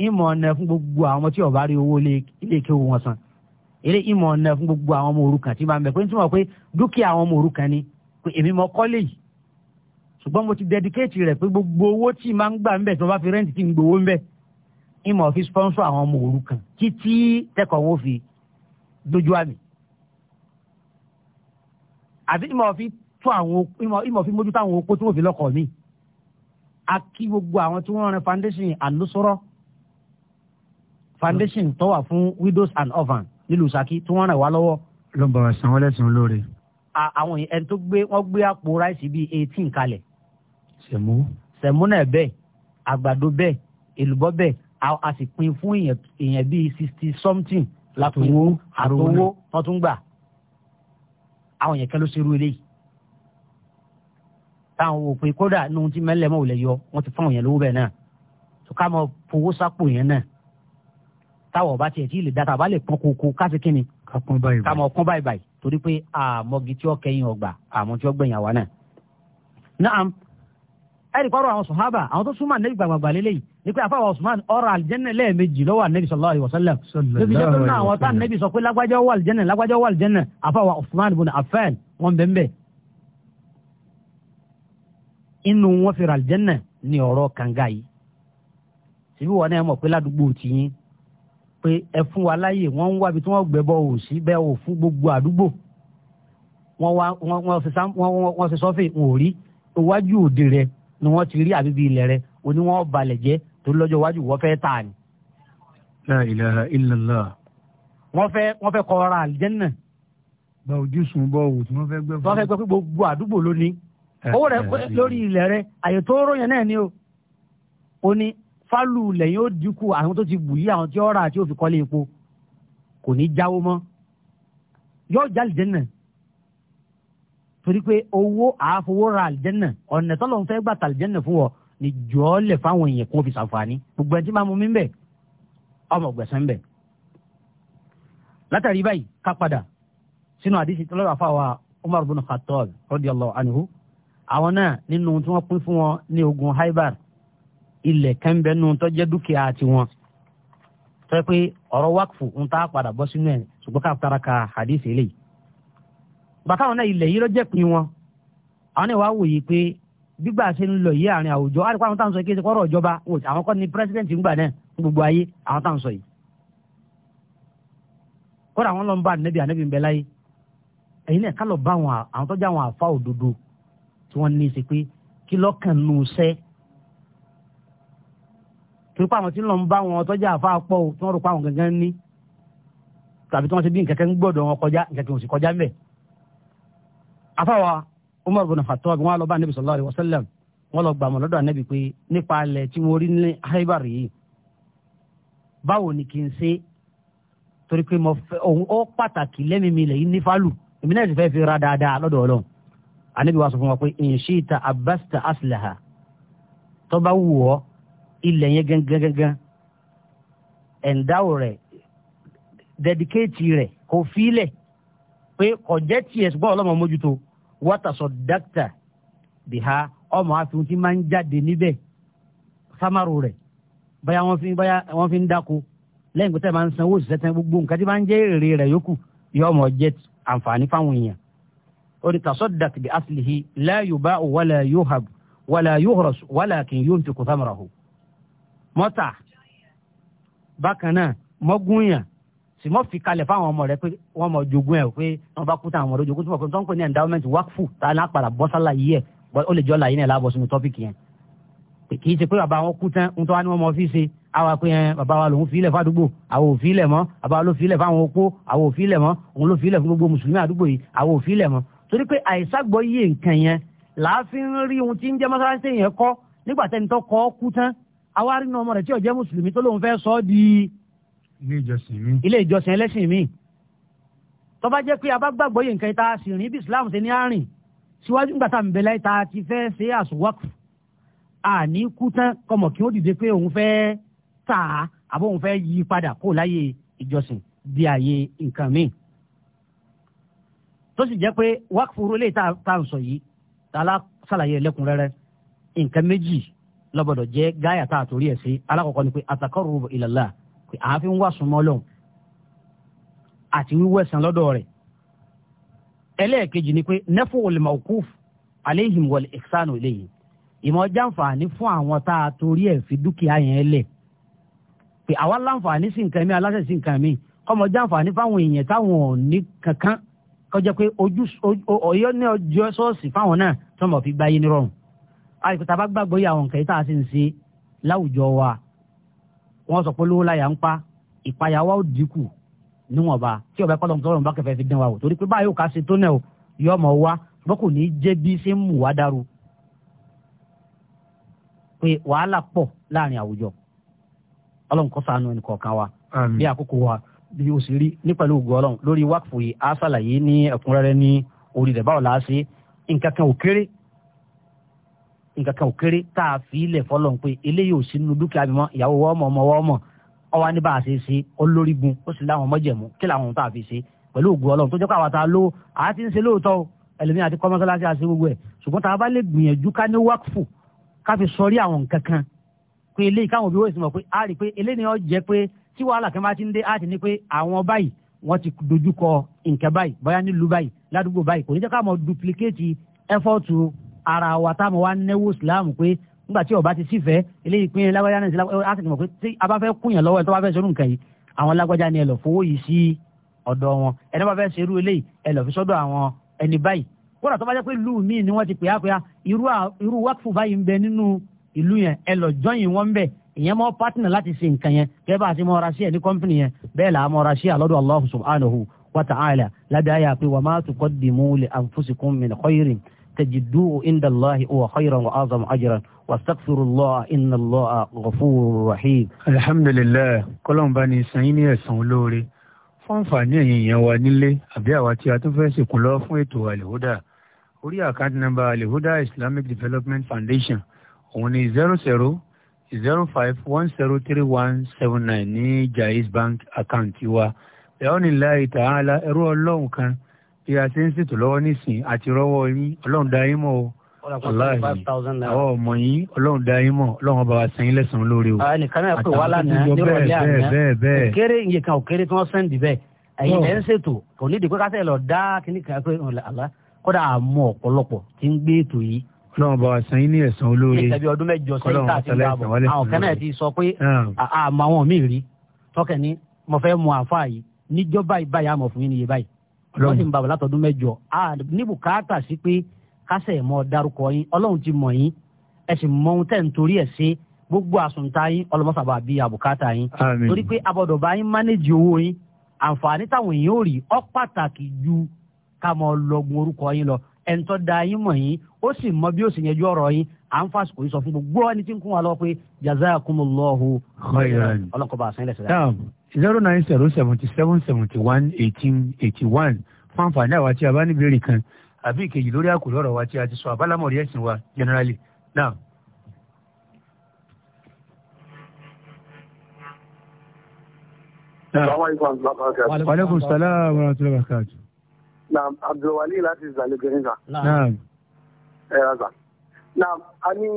ìmọ̀ ọ̀nà fún gbogbo àwọn ọmọ tí ó bá rí owó ilé ìkéwò wọn san eré ìmọ̀ ọ̀nà fún gbogbo àwọn ọmọ òrukàn tí máa ń bẹ pé nítorí pé dúkìá àwọn ọmọ òrukàn ni pé èmi mọ kọ́lẹ́jì ṣùgbọ́n mo ti dẹdikéètì rẹ̀ pé gbogbo owó tí máa ń gbà ń bẹ̀ tí wọ́n bá fi rẹ́ǹtì tí ń gbowó ń bẹ̀ ìmọ̀ fi sponsor àwọn ọmọ òrukàn títí tẹ́kọ̀ọ́ wọn fi dójú àmì àti ìmọ̀ fi fún àwọn ìmọ̀ fi mójútó àwọn opó tí wọ́n fi lọ́kọ̀ mi a kí gbogbo àwọn tí wọ́n rìn foundation àlùsọ́rọ́ foundation tó wà fún widows and orphan nílùú Ṣakí tí wọ́n rìn wá lọ́wọ́. ló ń bọ̀wọ̀ sanwó lẹ́sìn olóore. àwọn ẹni tó gbé wọ́n gbé àpò ráìsì bíi eighteen kalẹ̀. sẹ̀mú. sẹ̀mú náà bẹ́ẹ̀ àgbàdo bẹ́ẹ̀ èlùbọ́ bẹ́ẹ̀ a sì pín fún èèyàn bíi sixty something. látòwó àtòwó wọ́n tún gbà àwọn yẹn kẹ́ ló ṣerú eléyìí táwọn wò pé kódà nu ti mẹ́lẹ̀ mọ́ ò yọ wọ́n ti fáwọn yẹn lówó bẹ́ẹ̀ náà tó ká mọ fowó sápò yẹn náà táwọn ọba tiẹ̀ tí ì lè dáta àbá lè pọn koko káṣí kínni ká mọ kún báyìí báyìí torí pé àmọ́gi tí ó kẹ́yìn ọgbà àmọ́ tí ó gbẹ̀yìn àwa náà. náà ẹ̀rì kọ́rọ̀ àwọn sọ̀hábà àwọn tó súnmọ́ ànẹ́bí gbàgbàgbà lélẹ́yìí ni pé àfàwọn Usman ọ̀rọ̀ àlìjẹ́nà lẹ́ẹ̀mejì lọ́wọ́ ànẹ́bí sallallahu alaihi wasallam lóbi jẹ́ tó ná àwọn tá inú wọn fi ràlìjẹ́nà ní ọ̀rọ̀ kànga yìí síbí wọn náà mọ̀ pé ládùúgbò tìyín pé ẹ fún wa láyè wọ́n ń wábi tí wọ́n gbẹ́bọ̀ ò sí bẹ́ẹ̀ ò fún gbogbo àdúgbò wọ́n wá wọ́n ṣe sọ́fẹ̀ wọn ò rí iwájú òde rẹ ni wọ́n ti rí àbíbi ilẹ̀ rẹ oní wọ́n balẹ̀ jẹ́ torí lọ́jọ́ iwájú wọ́n fẹ́ tà ní. La ilaha illallah. wọ́n fẹ́ wọ́n fẹ́ kọ́ ra àlìjẹ́nà. gba ojú sùn bọ́ òwò tí wọ́n fẹ́ gbẹ́ fún. wọ́n fẹ́ gbẹ́ pé gbogbo àdúgbò lónìí owó rẹ lórí ilẹ̀ rẹ àyè tó ròyìn náà ni o ó ní fálù lẹ́yìn ó dínkù àwọn tó ti bù yí àwọn tí ó rà àti ó fi kọ́lé epo kò ní jáwó mọ́ yóò já àlìjẹ́nà torí pé owó àáfowó ra àlìjẹ́nà ọ̀nà tọ́lọ̀ ń fẹ́ gbà tà àlìjẹ́nà fún ọ ní jọ́ lẹ̀ fáwọn èèyàn kó fi ṣàǹfààní gbogbo ẹ̀ tí máa mú mi bẹ̀ ọmọ gbẹ̀sẹ̀ ń bẹ̀ látàrí báyìí ká padà sínú àdìsí tọ́lọ́rọ̀ anhu àwọn náà nínú tí wọ́n pín fún wọn ní ogun haibar ilẹ̀ kẹ́ńbẹ́ nínú tó jẹ́ dúkìá tiwọn tó yẹ pé ọ̀rọ̀ wákùfù ń tá a padà bọ́ sínú ẹ̀ ṣùgbọ́n ká tara ka hadith eléyìí. bàtà àwọn náà ilẹ̀ yìí ló jẹ́ pin wọn àwọn náà wàá wòye pé gbígbà ṣe ń lọ yìí àárín àwùjọ àdìpọ̀ àwọn táwọn sọ kí ẹ ti kọ́rọ̀ ìjọba àwọn kọ́ ni pírẹsidẹ̀ntì ń gbà náà gbogbo ayé àwọn táwọn sọ yìí kódà àwọn lọ́nba ànábì ànábì ń bẹ láyé ẹ̀yin náà ká lọ bá àwọn àwọn tó jẹ́ àwọn àfa òdodo wọ́n ní í ṣe pé kí lọ́kàn nù sẹ́ torí pé àwọn tí ń lọ ń bá wọn tọ́jà àfa pọ̀ o tí wọ́n rò pé àwọn gangan ní tàbí tí wọ́n ti bí nkẹ́kẹ́ ń gbọ́dọ̀ wọn kọjá nkẹ́kẹ́ ò sì kọjá mẹ́. afáwa Umar bin Khattab wọn lọ bá anabi sallallahu alaihi wasallam wọn lọ gbàmọ̀ lọ́dọ̀ anabi pé nípa alẹ̀ tí wọ́n rí ní Khaybar yìí báwo ni kì í ṣe torí pé mo fẹ́ òun ó pàtàkì lẹ́mìí mi lẹ́yìn nífàlù èmi náà sì fẹ́ fi ra dáadáa lọ́dọ̀ Ọlọ́run anabi wa sọ fún wa pé ìṣìta abasta aslaha tó bá wù ọ́ ilẹ̀ yẹn gangan ẹ̀ǹdáwò rẹ̀ dẹ́díkéètì rẹ̀ kò fílẹ̀ pé ọ̀jẹ́ tiẹ̀ ṣùgbọ́n ọlọ́mọ mójútó wọ́tàṣọ dáktà bìhá ọmọ àfihàn tí máa ń jáde níbẹ̀ sámárò rẹ̀ báyà wọ́n fi báyà wọ́n fi ń dáko lẹ́yìn pé tẹ́ máa ń sanwó òṣìṣẹ́ gbogbo nǹkan tí máa ń jẹ́ èrè rẹ̀ yókù yọ ọmọ jẹ́ àǹfààní fáwọn èèyàn orí tasodak bi aslihi la yuba'u wala yuhab wala yuhras walakin yunfiqu thamarahu. mọ́tà bákan náà mọ́gúnyàn sì mọ́ fi kalẹ̀ fáwọn ọmọ rẹ pé wọ́n mọ jogún ẹ̀ pé wọ́n bá kú táwọn ọmọ rẹ jogún tó mọ̀ pé tó ń pè ní endowment wakfu tá a náà padà bọ́ sálà yìí ẹ̀ ó lè jọ́ làyé náà láàbọ̀ sínú kì í ṣe pé bàbá wọn kú tán ń wọn mọ fi ṣe àwa pé ẹ bàbá wa lòun fílẹ̀ fàdúgbò àwọn òfílẹ̀ mọ́ bàbá wa ló fílẹ̀ fáwọn opó àwọn òfílẹ̀ mọ́ òun ló fílẹ̀ fún gbogbo mùsùlùmí àdúgbò yìí àwọn òfílẹ̀ mọ́ torí pé àìsàgbọ́ yé nǹkan yẹn làáfin rí ohun tí ń jẹ́ mọ́sálásí yẹn kọ́ nígbà tẹ́ni tó kọ́ kú tán awárí nu ọmọ rẹ̀ tí ó jẹ́ mùsùlùmí tó lóun fẹ́ sọ ọ́ di ilé ìjọsìn ẹlẹ́sìn mi tó bá jẹ́ pé abágbàgbọ́ yé nǹkan yìí tá a sì rìn bí Islam ṣe ní àárín síwájú nígbà tá à ń bẹ ti fẹ́ ṣe àsùwákù àní kú tán kọmọ kí ó dìde pé òun fẹ́ tà á fẹ́ yí padà kó láyé ìjọsìn di àyè nǹkan míì tó sì jẹ́ pé wákìfù rólé tá à ń sọ yìí tààlà ṣàlàyé ẹlẹ́kùnrẹ́rẹ́ nǹkan méjì lọ́gbọ́dọ̀ jẹ́ gáyà tá a torí ẹ̀ sí alákọ̀ọ́kọ́ ni pé àtàkọ́rù ìlàlá pé àáfin wà súnmọ́ lọ́hùn àti wíwẹ̀sán lọ́dọ̀ rẹ̀ ẹlẹ́ẹ̀kejì ni pé nẹ́fù olùmọ̀kúf aléhìm wọl ìsánù eléyìí ìmọ̀ jàǹfààní fún àwọn tá a torí ẹ̀ fi dúkìá yẹn lẹ̀ pé àwa láǹfààní sí nǹkan mi aláṣẹ sí nǹkan mi ọmọ jàǹfààní fáwọn èèyàn táwọn ò ní kankan kọjá pé ojú ọ̀yọ́ ní ọjọ́ ṣọ́ọ̀ṣì fáwọn náà tí wọ́n mọ̀ fi gbáyé nírọ̀rùn àìkútà bá gbàgbọ́ yà àwọn nǹkan tá a sì ń ṣe láwùjọ wa wọ́n sọ pé lówó láyà ń pa ìpayà wa ó dínkù níwọ̀nba tí ọba kọ́lọ́mù tọ́lọ́mù bá kẹfẹ́ fi dín wa wò torí pé báyìí ò ká ṣe tó náà o yọ ọmọ wa ṣùgbọ́n kò ní jẹ́ bí ṣe ń mú wa dáru pé wàhálà pọ̀ láàrin àwùjọ ọlọ́run kó ẹnì kọ̀ọ̀kan wa bí àkókò wa bí o sì rí ní pẹ̀lú ògùn ọlọ́run lórí wákìfù yìí á ṣàlàyé ní ẹ̀kúnrẹ́rẹ́ ní orí rẹ̀ báwo láá ṣe nǹkan kan ò kéré nǹkan kan ò kéré tá a fi ilẹ̀ fọlọ́n pé eléyìí ò sí nínú dúkìá mi mọ́ ìyàwó wọ́ọ́mọ̀ ọmọ wọ́ọ́mọ̀ ọwá ní bá a ṣe ṣe olórígun ó sì láwọn mọ́jẹ̀mú kí làwọn tá a fi ṣe pẹ̀lú ògùn ọlọ́run tó jẹ́ káwa ta ló a ti ń ṣe lóòótọ́ ẹlòmíì àti kọ́mọ́sálásí ni ó jẹ́ tí wàhálà kan bá ti ń dé á ti ní pé àwọn báyìí wọ́n ti dojú kọ nǹkan báyìí bóyá nílùú báyìí ládùúgbò báyìí kò ní jẹ́ ká mọ̀ duplicate effort ara wa tá a mọ̀ wá náwó islam pé nígbà tí ọba ti sífẹ̀ẹ́ eléyìí pín in lágbájá náà á sì mọ̀ pé tí a bá fẹ́ kúnyàn lọ́wọ́ ẹ̀ tó bá fẹ́ ṣerú nǹkan yìí àwọn lágbájá ni ẹ lọ fowó yìí sí ọ̀dọ̀ wọn ẹni bá fẹ́ ṣerú eléyìí ẹ lọ fi sọ́dọ̀ àwọn ẹni báyìí kódà tó bá jẹ́ pé ìlú míì ni wọ́n ti pè á pé irú wákìfù báyìí ń bẹ nínú ìlú yẹn ẹ lọ jọ́yìn wọn bẹ́ẹ̀ ìyẹn mọ́ pátínà láti ṣe nǹkan yẹn kẹ́ bá a ṣe mọ́ra sí ẹ̀ ní kọ́mpìnì yẹn bẹ́ẹ̀ là á mọ́ra sí àlọ́dọ̀ Allah subhanahu wa ta'ala lábẹ́ àyà pé wa ma tuqaddimu li anfusikum min khayrin tajiduhu inda Allahi huwa khayran wa azam ajran wastaghfirullah inna Allaha ghafurur rahim. alhamdulilayi kọ́lọ́n bá ní sanyí ní ẹ̀sán olóore fún àǹfààní ẹ̀yìn yẹn wa nílé àbí àwa tí a tún fẹ́ sìnkún lọ fún ètò àlèhódà orí àkáǹtì nàmbà àlèhódà Islamic Development Foundation òun ni zero zero zero five one zero three one seven nine ní Jais Bank àkáǹtì wa ẹ̀hónìláì tààlà ẹrú ọlọ́run kan bí a ṣe ń ṣètò lọ́wọ́ nísìn àti rọ́wọ́ yín ọlọ́run dá yín mọ́ o aláàyè àwọn ọmọ yín ọlọ́run dá yín mọ̀ ọlọ́run bá wa san yín lẹ́sàn-án lórí o. Ah, nìkan náà pè wá lánàá nírọ̀lẹ́ àná òkèrè iye kan òkèrè kí wọ́n sẹ́ǹdì bẹ́ẹ̀ ẹ̀yin ẹ̀ ń ṣètò kò ní ìdí kásẹ̀ lọ dá kíní kan pé kódà àmọ́ ọ̀pọ̀lọpọ̀ ti ń gbé ètò yìí náà bá wa san yín ní ẹ̀sán olóore ìṣẹ̀bi ọdún mẹ́jọ sẹ́yìn tá a ti gbà bọ̀ àwọn kan náà ti sọ pé àmọ́ àwọn míì rí tọ́kẹ̀ ní mo fẹ́ mu àáfàá yìí níjọ́ báyìí báyìí àmọ̀ fún yín níye báyìí wọ́n sì ń bàbá látọdún mẹ́jọ níbù káàtà sí pé kásẹ̀ mọ́ dárúkọ yín ọlọ́run gbogbo àsùntà yín ọlọ́mọsàbà bí àbùkátà yín torí pé abọ́dọ̀bá yín mánéjì owó yín àǹfààní táwọn èèyàn ò rí ọ pàtàkì ju ká mọ lọgun orúkọ yín lọ ẹ̀ńtọ́ da yín mọ̀ yín ó sì mọ bí ó sì yẹjú ọ̀rọ̀ yín à ń fàṣìkò yìí sọ fún gbogbo ẹni tí ń kún wa lọ pé jazakumullahu khairan ọlọ́kọ̀ọ́ba àṣẹ ilẹ̀ sẹ́dá. zero nine zero seventy seven seventy one eighteen eighty one fún àǹfààní àwa tí a bá níbi kan àbí ìkejì lórí àkòrí ọ̀rọ̀ wa tí a ti sọ àbálámọ̀rí ẹ̀sìn wa generally now. wàlẹ́kùn sálà wàlẹ́kùn sálà wàlẹ́kùn sálà na abdulwali láti zàlẹ̀gẹ̀rin sa. ẹ̀rọ sa. na a ní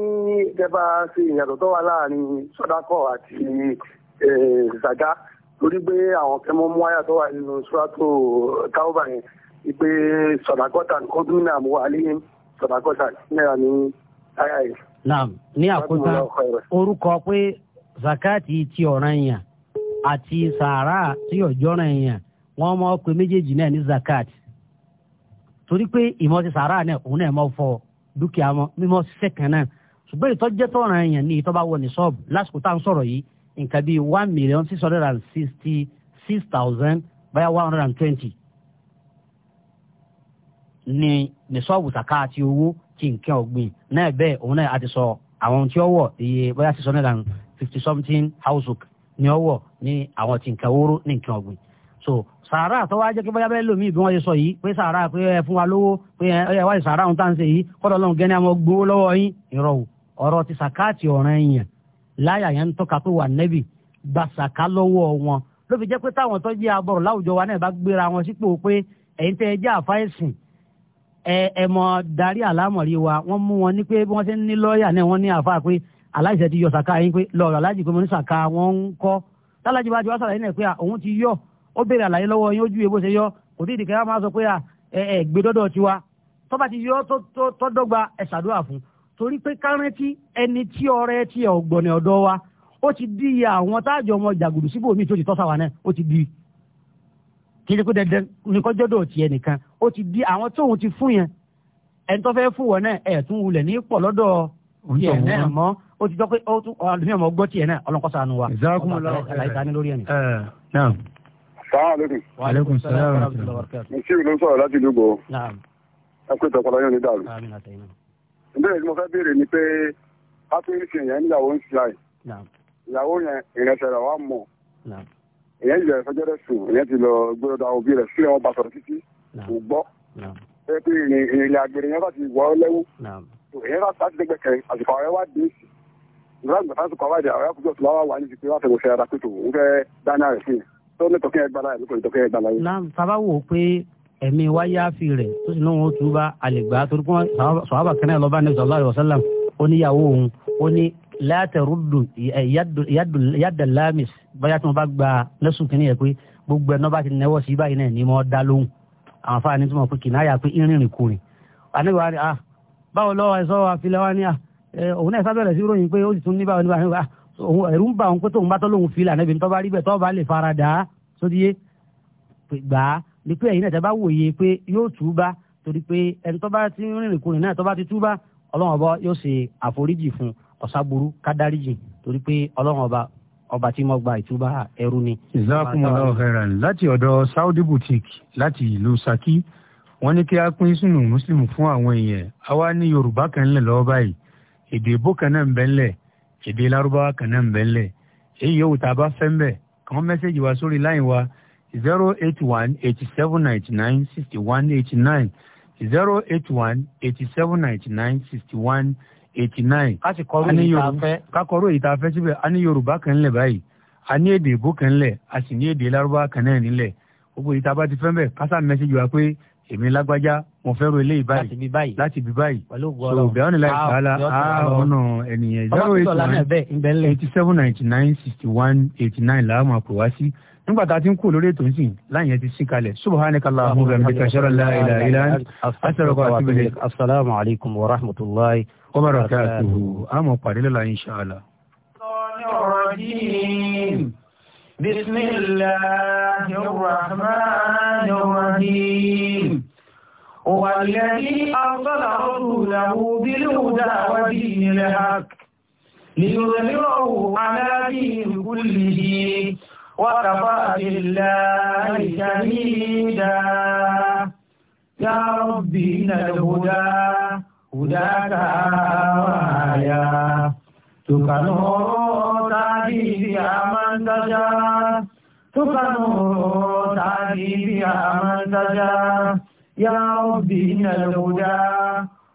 kẹfà ṣe ìyàtọ̀ tó wà láàrin sọ́dákọ̀ àti ṣàgá torí pé àwọn kẹmọ́ mú àyà tó wà nínú sùràtò táwọ́bà yẹn ìpè sọ̀dàkọ́tà kọ́dúnà mú àlẹ́yìn sọ̀dàkọ́tà náírà ní àyà yìí. naam ní àkótán orúkọ pé zakati ti ọ̀ràn yẹn àti sàárà tí ọ̀jọ́ràn yẹn wọ́n mọ̀ pé méjèèjì náà ní zakati torí pé ìmọ̀ ti sàárà náà òun náà mọ̀ fọ dúkìá mọ́ mímọ́ ṣiṣẹ́ kan náà ṣùgbọ́n ìtọ́jẹ́ tọ́ra èèyàn ní ìtọ́ bá wọ ní ṣọ́ọ̀bù lásìkò tá à ń sọ̀rọ̀ yìí nǹkan bíi one million six hundred and sixty six thousand báyà one hundred and twenty ní ní ṣọ́ọ̀bù tàkà àti owó kí nǹkan ọ̀gbìn náà bẹ́ẹ̀ òun náà àti sọ àwọn tí ó wọ̀ iye báyà six hundred and fifty something house ní ọwọ́ ní àwọn tí nǹkan wóró ní nǹkan ọ̀gbìn so sàárà tó wá jẹ́ kí bóyá bẹ́ẹ̀ lómi ìbí wọn ṣe sọ yìí pé sàárà pé ẹ fún wa lówó pé ẹ wá ìsàárà ohun tá à ń ṣe yìí kọ́dọ̀ lọ́hùn gẹ́ni àwọn gbowó lọ́wọ́ yín ìrọ̀ ọ̀rọ̀ ti sàkáàtì ọ̀ràn èèyàn láyà yẹn ń tọ́ka pé wà nẹ́bì gba sàká lọ́wọ́ wọn ló fi jẹ́ pé táwọn tó jẹ́ abọ́rọ̀ láwùjọ wa náà bá gbéra wọn sípò pé ẹ̀yin tẹ́ ẹ jẹ́ àfáìsìn ẹ ẹ mọ darí àlámọ̀rí wa wọ́n mú wọn ní pé bí wọ́n ti ní lọ́ọ̀yà náà wọ́n ní àfa pé aláìsẹ̀ ti yọ sàká yín pé lọ́ọ̀rọ̀ alájì pé mo ní sàká wọn ń kọ́ tálájì bá ti wá sàlàyé náà pé òun ti yọ ó béèrè àlàyé lọ́wọ́ yín ó júwe bó ṣe yọ kò tí ì dìkẹ́ máa sọ pé ẹ ẹ gbé dọ́dọ̀ tiwa tó bá ti yọ tó dọ́gba ẹ ṣàdúrà fún torí pé kárẹ́tì ẹni tí ọrẹ́ tí ọgbọ̀nì ọ̀dọ́ wa ó ti di iye àwọn táàjọ ọmọ jàgùdù síbòmí tó ti tọ́sà wà náà ó ti di kí ni kó dandan nìkan jọ́dọ̀ tiẹ̀ nìkan ó ti di àwọn tóun ti fún yẹn ẹni tó fẹ́ fún wọn náà ẹ̀ tún wulẹ̀ ní pọ̀ lọ́dọ̀ tiẹ̀ náà mọ́ ó ti dọ́ pé ó tún ọ̀lùmíọ̀mọ́ gbọ́ tiẹ̀ náà ọlọ́kọ́sánú wa ọ̀làyíta ní lórí ẹ̀ nìkan sàmàlẹ́kùn. wàlẹ́kùn sàlámù rahmatulahi wa barakatuh. nṣe ìlú sọ̀rọ̀ láti dùgbò. ẹ pé tọkọlọ yóò ní dàrú. ìbéèrè tí mo fẹ́ béèrè ni pé ápẹ́rẹ́sì yẹn níyàwó ń ṣe láì. ìyàwó yẹn ìrẹsẹ̀ rẹ̀ wà mọ̀. ìyẹn ìjọ ìfẹjọ́ rẹ̀ sùn ìyẹn ti lọ gbọ́dọ̀ òbí rẹ̀ sí ọba sọ̀rọ̀ títí kò gbọ́. ẹ pé ìrìn àgbèrè yẹn bá ti wọ́ lẹ́wọ́. ìyẹn bá sáà ti dẹ́gbẹ̀kẹ́ àsìkò àwọn ẹ̀ wá dé sí. ìrọ̀lẹ́ àgbàtà àsìkò àwọn ẹ̀ tó ní tọkẹ́ ẹgbàlá yẹn kò ní tọkẹ́ ẹgbàlá yẹn. náà sábà wò ó pé ẹ̀mí wa yááfì rẹ̀ tó sì náà wọ́n tún bá àlègbà torí pé sọ̀hábà kẹ́nẹ́ lọ́ba ní sọ̀lá àlè wàsálà ó ní ìyàwó òun ó ní látẹ̀rúdù yàdàlámìs bóyá tí wọ́n bá gba lẹ́sùn kìíní yẹn pé gbogbo ẹ̀ náà bá ti nẹ́wọ́ sí báyìí náà ní mọ́ dá lóhùn àwọn afáàní tí wọ́n pè kìnnáyà pé ìrìnrìn kùnrin àníwá ni ah báwo lọ́wọ́ ẹ sọ́wọ́ àfilẹ́wá ni ah òun náà sábẹ̀rẹ̀ sí ròyìn pé ó sì tún ní báwo ní báwo òun ẹ̀rù ń bà òun pé tóun bá tọ́ lóun fi lànà ibi tó bá rí bẹ́ẹ̀ tó bá lè fara dà á sódíyé gbà á ni pé ẹ̀yin náà tẹ́ bá wòye pé yóò túbá torí pé ẹni tó bá ti rìnrìn kùnrin náà tó bá ti túbá ọlọ́run ọba yóò ṣe àforíjì fún ọ̀sàbùrú kádáríjì torí pé ọlọ́run ọba ọba tí mo gba ìtúbà ẹrú ni. ìzákùnmọ́lá khairan láti ọ̀dọ̀ Saudi boutique láti ìlú Ṣakí a pín Muslim fún àwọn èèyàn àwa ní Yorùbá kan lẹ̀ lọ́wọ́ báyìí èdè lárúbáwá kan náà ń bẹ ńlẹ̀ èyí yòówù tá a bá fẹ́ ń bẹ̀ kàn mẹ́sẹ̀gì wa sórí láyìn wa zero eight one eighty seven ninety nine sixty one eighty nine zero eight one eighty seven ninety nine sixty one eighty nine. a sì kọrú èyí tá a fẹ́. ká kọrú èyí tá a fẹ́ síbẹ̀ a ní yorùbá kan ńlẹ̀ báyìí a ní èdè ìbò kan ńlẹ̀ a sì ní èdè lárúbáwá kan náà nílẹ̀ gbogbo èyí tá a bá ti fẹ́ bẹ̀ kásá mẹ́sẹ̀gì wa pé èmi lágbájá mo fẹ́ ro eléyìí báyìí láti bí báyìí láti bí báyìí so ah, ah, bẹ́ẹ̀ láì sàálà ọ̀nà ẹnìyẹn zero eight one eighty seven ninety nine sixty one eighty nine làá máa pè wá sí nígbà tá a ti ń kú olórí ètò ń láyìn ẹ ti sìn kalẹ̀ subhanaka allahumma wa bihamdika ashhadu an la ilaha illa anta astaghfiruka wa atubu ilayk assalamu alaikum wa rahmatullahi wa barakatuhu a pàdé lọ́la insha بسم الله الرحمن الرحيم والذي أرسل رسوله بالهدى ودين الحق ليظهره على دين كله وكفى بالله شهيدا يا رب إن الهدى هداك آية تك تهدي بها من تشاء تقنور تهدي بها من تشاء يا ربي إن الهدى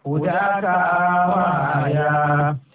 هداك آوايا